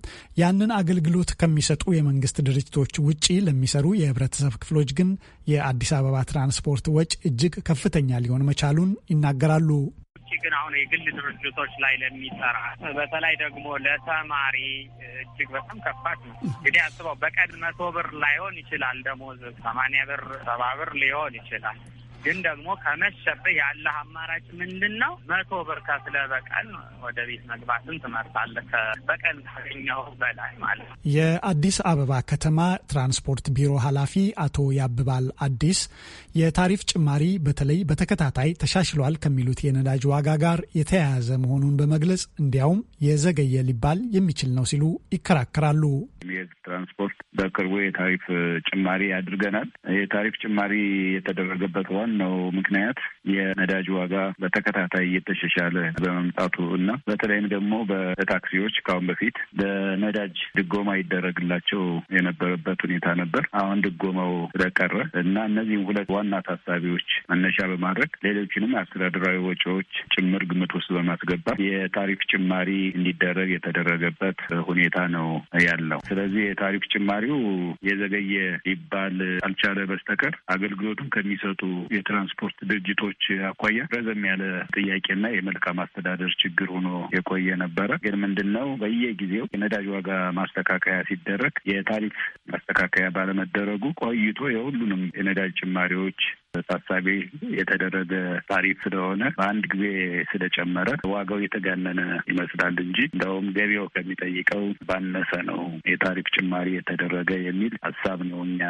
ያንን አገልግሎት ከሚሰጡ የመንግስት ድርጅቶች ውጪ ለሚሰሩ የህብረተሰብ ክፍሎች ግን የአዲስ አበባ ትራንስፖርት ወጪ እጅግ ከፍተኛ ሊሆን መቻሉን ይናገራሉ። ግን አሁን የግል ድርጅቶች ላይ ለሚሰራ በተለይ ደግሞ ለተማሪ እጅግ በጣም ከባድ ነው። እንግዲህ አስበው በቀን መቶ ብር ላይሆን ይችላል ደሞዝ፣ ሰማንያ ብር፣ ሰባ ብር ሊሆን ይችላል። ግን ደግሞ ከመሸብህ ያለህ አማራጭ ምንድን ነው? መቶ ብር ከፍለህ በቀን ወደ ቤት መግባትን ትመርጣለህ። በቀን ካገኘው በላይ ማለት ነው። የአዲስ አበባ ከተማ ትራንስፖርት ቢሮ ኃላፊ አቶ ያብባል አዲስ የታሪፍ ጭማሪ በተለይ በተከታታይ ተሻሽሏል ከሚሉት የነዳጅ ዋጋ ጋር የተያያዘ መሆኑን በመግለጽ እንዲያውም የዘገየ ሊባል የሚችል ነው ሲሉ ይከራከራሉ። ትራንስፖርት በቅርቡ የታሪፍ ጭማሪ አድርገናል። የታሪፍ ጭማሪ የተደረገበት ዋና ዋናው ምክንያት የነዳጅ ዋጋ በተከታታይ እየተሻሻለ በመምጣቱ እና በተለይም ደግሞ በታክሲዎች ከአሁን በፊት በነዳጅ ድጎማ ይደረግላቸው የነበረበት ሁኔታ ነበር። አሁን ድጎማው ስለቀረ እና እነዚህም ሁለት ዋና ታሳቢዎች መነሻ በማድረግ ሌሎችንም አስተዳደራዊ ወጪዎች ጭምር ግምት ውስጥ በማስገባት የታሪፍ ጭማሪ እንዲደረግ የተደረገበት ሁኔታ ነው ያለው። ስለዚህ የታሪፍ ጭማሪው የዘገየ ሊባል አልቻለ በስተቀር አገልግሎቱን ከሚሰጡ የትራንስፖርት ድርጅቶች አኳያ ረዘም ያለ ጥያቄና የመልካም አስተዳደር ችግር ሆኖ የቆየ ነበረ። ግን ምንድን ነው በየጊዜው የነዳጅ ዋጋ ማስተካከያ ሲደረግ የታሪፍ ማስተካከያ ባለመደረጉ ቆይቶ የሁሉንም የነዳጅ ጭማሪዎች ታሳቢ የተደረገ ታሪፍ ስለሆነ በአንድ ጊዜ ስለጨመረ ዋጋው የተጋነነ ይመስላል እንጂ እንደውም ገቢያው ከሚጠይቀው ባነሰ ነው የታሪፍ ጭማሪ የተደረገ የሚል ሀሳብ ነው እኛ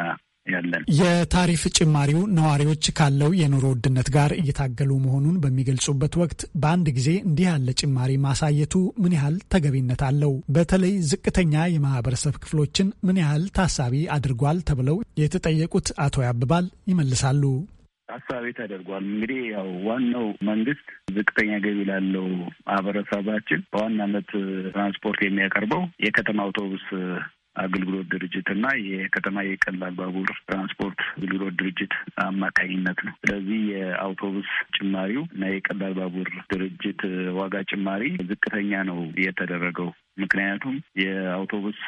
ያለን። የታሪፍ ጭማሪው ነዋሪዎች ካለው የኑሮ ውድነት ጋር እየታገሉ መሆኑን በሚገልጹበት ወቅት በአንድ ጊዜ እንዲህ ያለ ጭማሪ ማሳየቱ ምን ያህል ተገቢነት አለው? በተለይ ዝቅተኛ የማህበረሰብ ክፍሎችን ምን ያህል ታሳቢ አድርጓል? ተብለው የተጠየቁት አቶ ያብባል ይመልሳሉ። ታሳቢ ተደርጓል። እንግዲህ ያው ዋናው መንግስት ዝቅተኛ ገቢ ላለው ማህበረሰባችን በዋናነት ትራንስፖርት የሚያቀርበው የከተማ አውቶቡስ አገልግሎት ድርጅት እና የከተማ የቀላል ባቡር ትራንስፖርት አገልግሎት ድርጅት አማካኝነት ነው። ስለዚህ የአውቶቡስ ጭማሪው እና የቀላል ባቡር ድርጅት ዋጋ ጭማሪ ዝቅተኛ ነው የተደረገው። ምክንያቱም የአውቶቡስ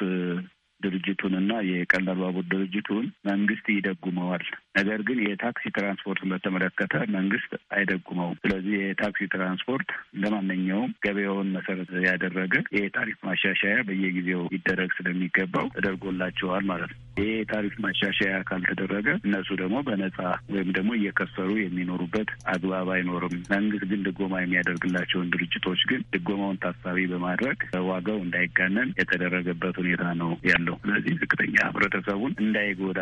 ድርጅቱንና የቀላል ባቡር ድርጅቱን መንግስት ይደጉመዋል። ነገር ግን የታክሲ ትራንስፖርትን በተመለከተ መንግስት አይደጉመውም። ስለዚህ የታክሲ ትራንስፖርት ለማንኛውም ገበያውን መሰረት ያደረገ የታሪፍ ማሻሻያ በየጊዜው ይደረግ ስለሚገባው ተደርጎላቸዋል ማለት ነው። ይሄ የታሪፍ ማሻሻያ ካልተደረገ እነሱ ደግሞ በነጻ ወይም ደግሞ እየከሰሩ የሚኖሩበት አግባብ አይኖርም። መንግስት ግን ድጎማ የሚያደርግላቸውን ድርጅቶች ግን ድጎማውን ታሳቢ በማድረግ ዋጋው እንዳይጋነን የተደረገበት ሁኔታ ነው ያለው። ያለው። ስለዚህ ዝቅተኛ ህብረተሰቡን እንዳይጎዳ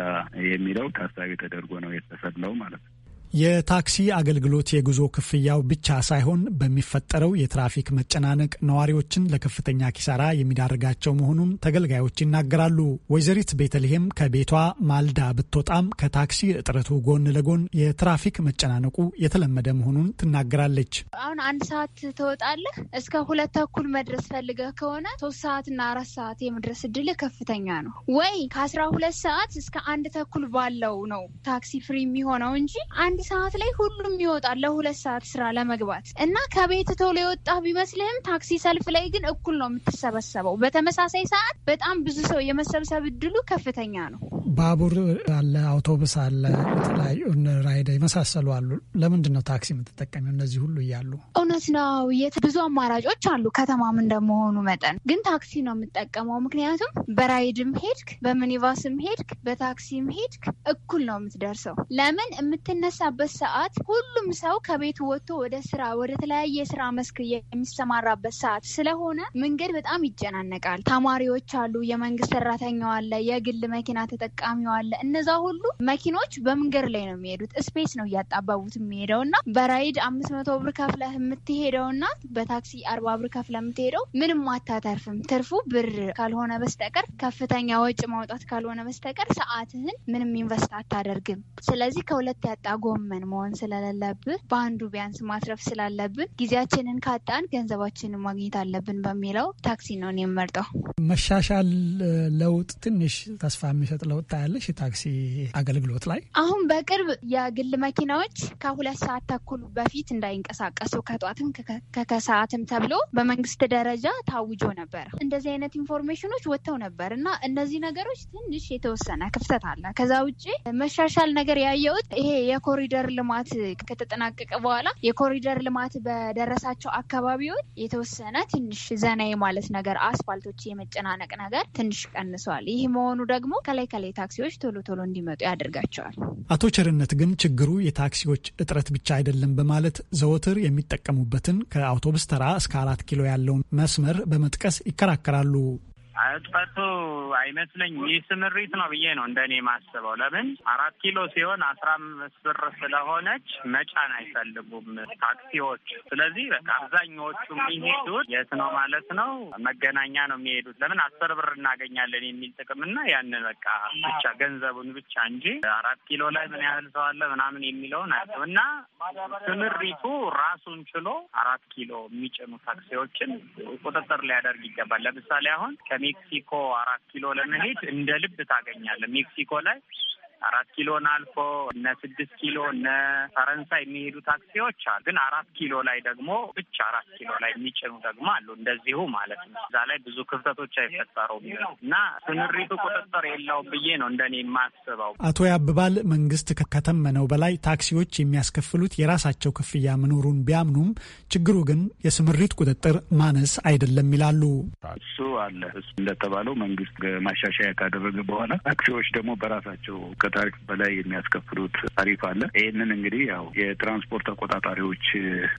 የሚለው ታሳቢ ተደርጎ ነው የተሰላው ማለት ነው። የታክሲ አገልግሎት የጉዞ ክፍያው ብቻ ሳይሆን በሚፈጠረው የትራፊክ መጨናነቅ ነዋሪዎችን ለከፍተኛ ኪሳራ የሚዳርጋቸው መሆኑን ተገልጋዮች ይናገራሉ። ወይዘሪት ቤተልሔም ከቤቷ ማልዳ ብትወጣም ከታክሲ እጥረቱ ጎን ለጎን የትራፊክ መጨናነቁ የተለመደ መሆኑን ትናገራለች። አሁን አንድ ሰዓት ትወጣለህ እስከ ሁለት ተኩል መድረስ ፈልገህ ከሆነ ሶስት ሰዓትና አራት ሰዓት የመድረስ እድል ከፍተኛ ነው። ወይ ከአስራ ሁለት ሰዓት እስከ አንድ ተኩል ባለው ነው ታክሲ ፍሪ የሚሆነው እንጂ አንድ በዚህ ሰዓት ላይ ሁሉም ይወጣል ለሁለት ሰዓት ስራ ለመግባት እና ከቤት ቶሎ የወጣ ቢመስልህም ታክሲ ሰልፍ ላይ ግን እኩል ነው የምትሰበሰበው። በተመሳሳይ ሰዓት በጣም ብዙ ሰው የመሰብሰብ እድሉ ከፍተኛ ነው። ባቡር አለ፣ አውቶቡስ አለ፣ የተለያዩ ራይደ የመሳሰሉ አሉ። ለምንድን ነው ታክሲ የምትጠቀሚው? እነዚህ ሁሉ እያሉ እውነት ነው ብዙ አማራጮች አሉ። ከተማም እንደመሆኑ መጠን ግን ታክሲ ነው የምጠቀመው። ምክንያቱም በራይድም ሄድክ፣ በሚኒባስም ሄድክ፣ በታክሲም ሄድክ እኩል ነው የምትደርሰው። ለምን የምትነሳበት ሰዓት ሁሉም ሰው ከቤቱ ወጥቶ ወደ ስራ ወደ ተለያየ የስራ መስክ የሚሰማራበት ሰዓት ስለሆነ መንገድ በጣም ይጨናነቃል። ተማሪዎች አሉ፣ የመንግስት ሰራተኛ አለ፣ የግል መኪና ተጠቀ ተጠቃሚው አለ። እነዛ ሁሉ መኪኖች በመንገድ ላይ ነው የሚሄዱት። ስፔስ ነው እያጣባቡት የሚሄደው እና በራይድ አምስት መቶ ብር ከፍለህ የምትሄደው እና በታክሲ አርባ ብር ከፍለ የምትሄደው ምንም አታተርፍም። ትርፉ ብር ካልሆነ በስተቀር ከፍተኛ ወጪ ማውጣት ካልሆነ በስተቀር ሰዓትህን ምንም ኢንቨስት አታደርግም። ስለዚህ ከሁለት ያጣ ጎመን መሆን ስለሌለብህ በአንዱ ቢያንስ ማትረፍ ስላለብን ጊዜያችንን ካጣን ገንዘባችንን ማግኘት አለብን በሚለው ታክሲ ነው የምመርጠው። መሻሻል ለውጥ ትንሽ ተስፋ የሚሰጥ ለውጥ ታያለሽ የታክሲ አገልግሎት ላይ? አሁን በቅርብ የግል መኪናዎች ከሁለት ሰዓት ተኩል በፊት እንዳይንቀሳቀሱ ከጧትም ከከሰዓትም ተብሎ በመንግስት ደረጃ ታውጆ ነበር። እንደዚህ አይነት ኢንፎርሜሽኖች ወጥተው ነበር እና እነዚህ ነገሮች ትንሽ የተወሰነ ክፍተት አለ። ከዛ ውጭ መሻሻል ነገር ያየሁት ይሄ የኮሪደር ልማት ከተጠናቀቀ በኋላ የኮሪደር ልማት በደረሳቸው አካባቢዎች የተወሰነ ትንሽ ዘና የማለት ነገር፣ አስፋልቶች የመጨናነቅ ነገር ትንሽ ቀንሷል። ይህ መሆኑ ደግሞ ከላይ ከላይ ታክሲዎች ቶሎ ቶሎ እንዲመጡ ያደርጋቸዋል። አቶ ቸርነት ግን ችግሩ የታክሲዎች እጥረት ብቻ አይደለም በማለት ዘወትር የሚጠቀሙበትን ከአውቶቡስ ተራ እስከ አራት ኪሎ ያለውን መስመር በመጥቀስ ይከራከራሉ። እጥፈቱ አይመስለኝ ይህ ስምሪት ነው ብዬ ነው እንደኔ የማስበው። ለምን አራት ኪሎ ሲሆን አስራ አምስት ብር ስለሆነች መጫን አይፈልጉም ታክሲዎች። ስለዚህ በቃ አብዛኛዎቹ የሚሄዱት የት ነው ማለት ነው መገናኛ ነው የሚሄዱት። ለምን አስር ብር እናገኛለን የሚል ጥቅምና ያንን በቃ ብቻ ገንዘቡን ብቻ እንጂ አራት ኪሎ ላይ ምን ያህል ሰው አለ ምናምን የሚለውን አያውቅም። እና ስምሪቱ ራሱን ችሎ አራት ኪሎ የሚጭኑ ታክሲዎችን ቁጥጥር ሊያደርግ ይገባል። ለምሳሌ አሁን ከሜክሲኮ አራት ኪሎ ለመሄድ እንደ ልብ ታገኛለህ። ሜክሲኮ ላይ አራት ኪሎን አልፎ እነ ስድስት ኪሎ እነ ፈረንሳይ የሚሄዱ ታክሲዎች አሉ። ግን አራት ኪሎ ላይ ደግሞ ብቻ አራት ኪሎ ላይ የሚጭኑ ደግሞ አሉ እንደዚሁ ማለት ነው። እዛ ላይ ብዙ ክፍተቶች አይፈጠሩም እና ስምሪቱ ቁጥጥር የለውም ብዬ ነው እንደኔ የማስበው። አቶ ያብባል መንግስት ከተመነው በላይ ታክሲዎች የሚያስከፍሉት የራሳቸው ክፍያ መኖሩን ቢያምኑም ችግሩ ግን የስምሪት ቁጥጥር ማነስ አይደለም ይላሉ። እሱ አለ እንደተባለው መንግስት ማሻሻያ ካደረገ በኋላ ታክሲዎች ደግሞ በራሳቸው ከታሪክ በላይ የሚያስከፍሉት ታሪፍ አለ። ይህንን እንግዲህ ያው የትራንስፖርት ተቆጣጣሪዎች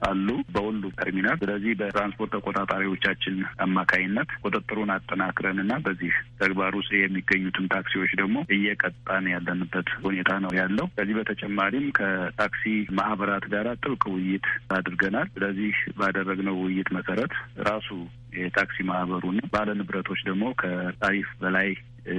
አሉ በሁሉ ተርሚናል። ስለዚህ በትራንስፖርት ተቆጣጣሪዎቻችን አማካይነት ቁጥጥሩን አጠናክረን እና በዚህ ተግባር ውስጥ የሚገኙትን ታክሲዎች ደግሞ እየቀጣን ያለንበት ሁኔታ ነው ያለው። ከዚህ በተጨማሪም ከታክሲ ማህበራት ጋር ጥብቅ ውይይት አድርገናል። ስለዚህ ባደረግነው ውይይት መሰረት ራሱ የታክሲ ማህበሩና ባለ ንብረቶች ደግሞ ከታሪፍ በላይ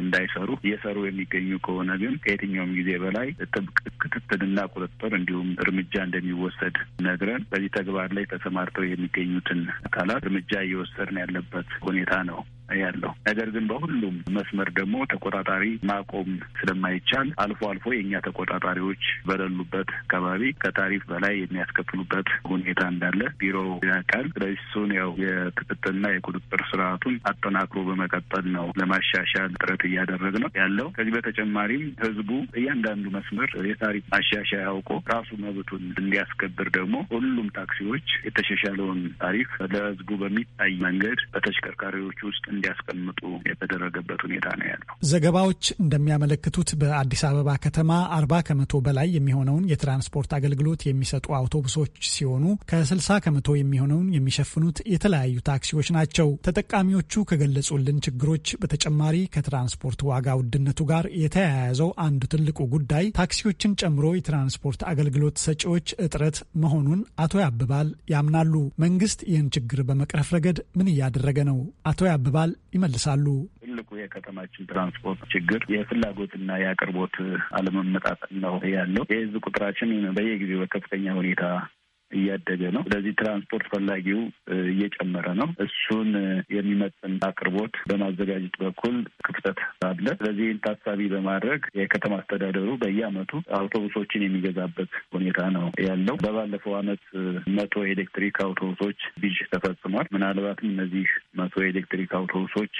እንዳይሰሩ እየሰሩ የሚገኙ ከሆነ ግን ከየትኛውም ጊዜ በላይ ጥብቅ ክትትልና ቁጥጥር እንዲሁም እርምጃ እንደሚወሰድ ነግረን በዚህ ተግባር ላይ ተሰማርተው የሚገኙትን አካላት እርምጃ እየወሰድን ያለበት ሁኔታ ነው ያለው። ነገር ግን በሁሉም መስመር ደግሞ ተቆጣጣሪ ማቆም ስለማይቻል አልፎ አልፎ የእኛ ተቆጣጣሪዎች በሌሉበት አካባቢ ከታሪፍ በላይ የሚያስከፍሉበት ሁኔታ እንዳለ ቢሮ ያውቃል። ስለዚህ እሱን ያው የክትትልና የቁጥጥር ስርዓቱን አጠናክሮ በመቀጠል ነው ለማሻሻል ጥረት እያደረግ ነው ያለው። ከዚህ በተጨማሪም ህዝቡ እያንዳንዱ መስመር የታሪፍ ማሻሻያ አውቆ ራሱ መብቱን እንዲያስከብር ደግሞ ሁሉም ታክሲዎች የተሻሻለውን ታሪፍ ለህዝቡ በሚታይ መንገድ በተሽከርካሪዎች ውስጥ እንዲ እንዲያስቀምጡ የተደረገበት ሁኔታ ነው ያለው። ዘገባዎች እንደሚያመለክቱት በአዲስ አበባ ከተማ አርባ ከመቶ በላይ የሚሆነውን የትራንስፖርት አገልግሎት የሚሰጡ አውቶቡሶች ሲሆኑ ከስልሳ ከመቶ የሚሆነውን የሚሸፍኑት የተለያዩ ታክሲዎች ናቸው። ተጠቃሚዎቹ ከገለጹልን ችግሮች በተጨማሪ ከትራንስፖርት ዋጋ ውድነቱ ጋር የተያያዘው አንዱ ትልቁ ጉዳይ ታክሲዎችን ጨምሮ የትራንስፖርት አገልግሎት ሰጪዎች እጥረት መሆኑን አቶ ያብባል ያምናሉ። መንግስት ይህን ችግር በመቅረፍ ረገድ ምን እያደረገ ነው? አቶ ያብባል ይመልሳሉ። ትልቁ የከተማችን ትራንስፖርት ችግር የፍላጎትና የአቅርቦት አለመመጣጠን ነው ያለው። የህዝብ ቁጥራችን በየጊዜው በከፍተኛ ሁኔታ እያደገ ነው። ስለዚህ ትራንስፖርት ፈላጊው እየጨመረ ነው። እሱን የሚመጥን አቅርቦት በማዘጋጀት በኩል ክፍተት አለ። ስለዚህ ይህን ታሳቢ በማድረግ የከተማ አስተዳደሩ በየአመቱ አውቶቡሶችን የሚገዛበት ሁኔታ ነው ያለው። በባለፈው አመት መቶ ኤሌክትሪክ አውቶቡሶች ግዥ ተፈጽሟል። ምናልባትም እነዚህ መቶ ኤሌክትሪክ አውቶቡሶች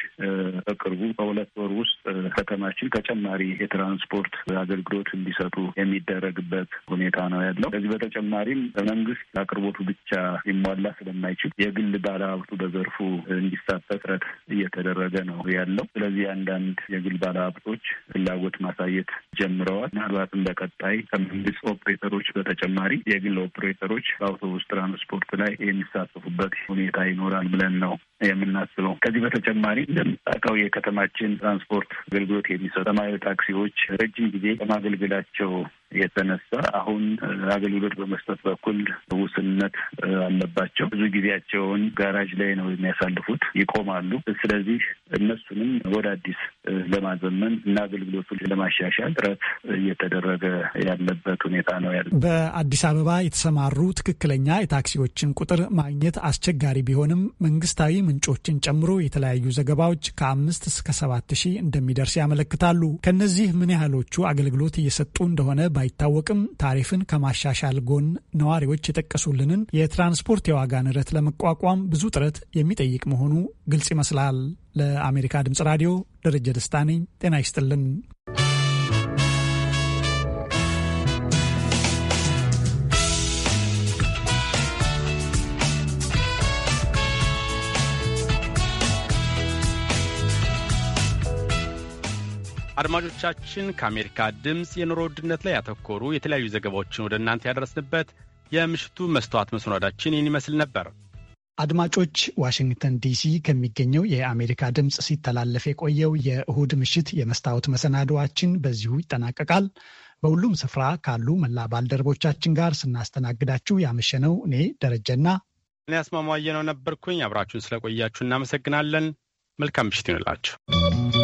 በቅርቡ በሁለት ወር ውስጥ ከተማችን ተጨማሪ የትራንስፖርት አገልግሎት እንዲሰጡ የሚደረግበት ሁኔታ ነው ያለው። ከዚህ በተጨማሪም በመንግስት አቅርቦቱ ብቻ ሊሟላ ስለማይችል የግል ባለሀብቱ በዘርፉ እንዲሳተፍ ጥረት እየተደረገ ነው ያለው። ስለዚህ አንዳንድ የግል ባለሀብቶች ፍላጎት ማሳየት ጀምረዋል። ምናልባትም በቀጣይ ከመንግስት ኦፕሬተሮች በተጨማሪ የግል ኦፕሬተሮች በአውቶቡስ ትራንስፖርት ላይ የሚሳተፉበት ሁኔታ ይኖራል ብለን ነው የምናስበው። ከዚህ በተጨማሪ እንደምታውቀው የከተማችን ትራንስፖርት አገልግሎት የሚሰጡ ሰማያዊ ታክሲዎች ረጅም ጊዜ ከማገልገላቸው የተነሳ አሁን አገልግሎት በመስጠት በኩል ውስንነት አለባቸው። ብዙ ጊዜያቸውን ጋራጅ ላይ ነው የሚያሳልፉት፣ ይቆማሉ። ስለዚህ እነሱንም ወደ አዲስ ለማዘመን እና አገልግሎቱን ለማሻሻል ጥረት እየተደረገ ያለበት ሁኔታ ነው ያለ። በአዲስ አበባ የተሰማሩ ትክክለኛ የታክሲዎችን ቁጥር ማግኘት አስቸጋሪ ቢሆንም መንግስታዊ ምንጮችን ጨምሮ የተለያዩ ዘገባዎች ከአምስት እስከ ሰባት ሺህ እንደሚደርስ ያመለክታሉ። ከነዚህ ምን ያህሎቹ አገልግሎት እየሰጡ እንደሆነ ባይታወቅም ታሪፍን ከማሻሻል ጎን ነዋሪዎች የጠቀሱልንን የትራንስፖርት የዋጋ ንረት ለመቋቋም ብዙ ጥረት የሚጠይቅ መሆኑ ግልጽ ይመስላል። ለአሜሪካ ድምጽ ራዲዮ ደረጀ ደስታ ነኝ። ጤና ይስጥልን። አድማጮቻችን ከአሜሪካ ድምፅ የኑሮ ውድነት ላይ ያተኮሩ የተለያዩ ዘገባዎችን ወደ እናንተ ያደረስንበት የምሽቱ መስተዋት መሰናዳችን ይህን ይመስል ነበር። አድማጮች ዋሽንግተን ዲሲ ከሚገኘው የአሜሪካ ድምፅ ሲተላለፍ የቆየው የእሁድ ምሽት የመስታወት መሰናዶዋችን በዚሁ ይጠናቀቃል። በሁሉም ስፍራ ካሉ መላ ባልደረቦቻችን ጋር ስናስተናግዳችሁ ያመሸነው እኔ ደረጀና እኔ አስማማየ ነው ነበርኩኝ። አብራችሁን ስለቆያችሁ እናመሰግናለን። መልካም ምሽት ይሆንላችሁ።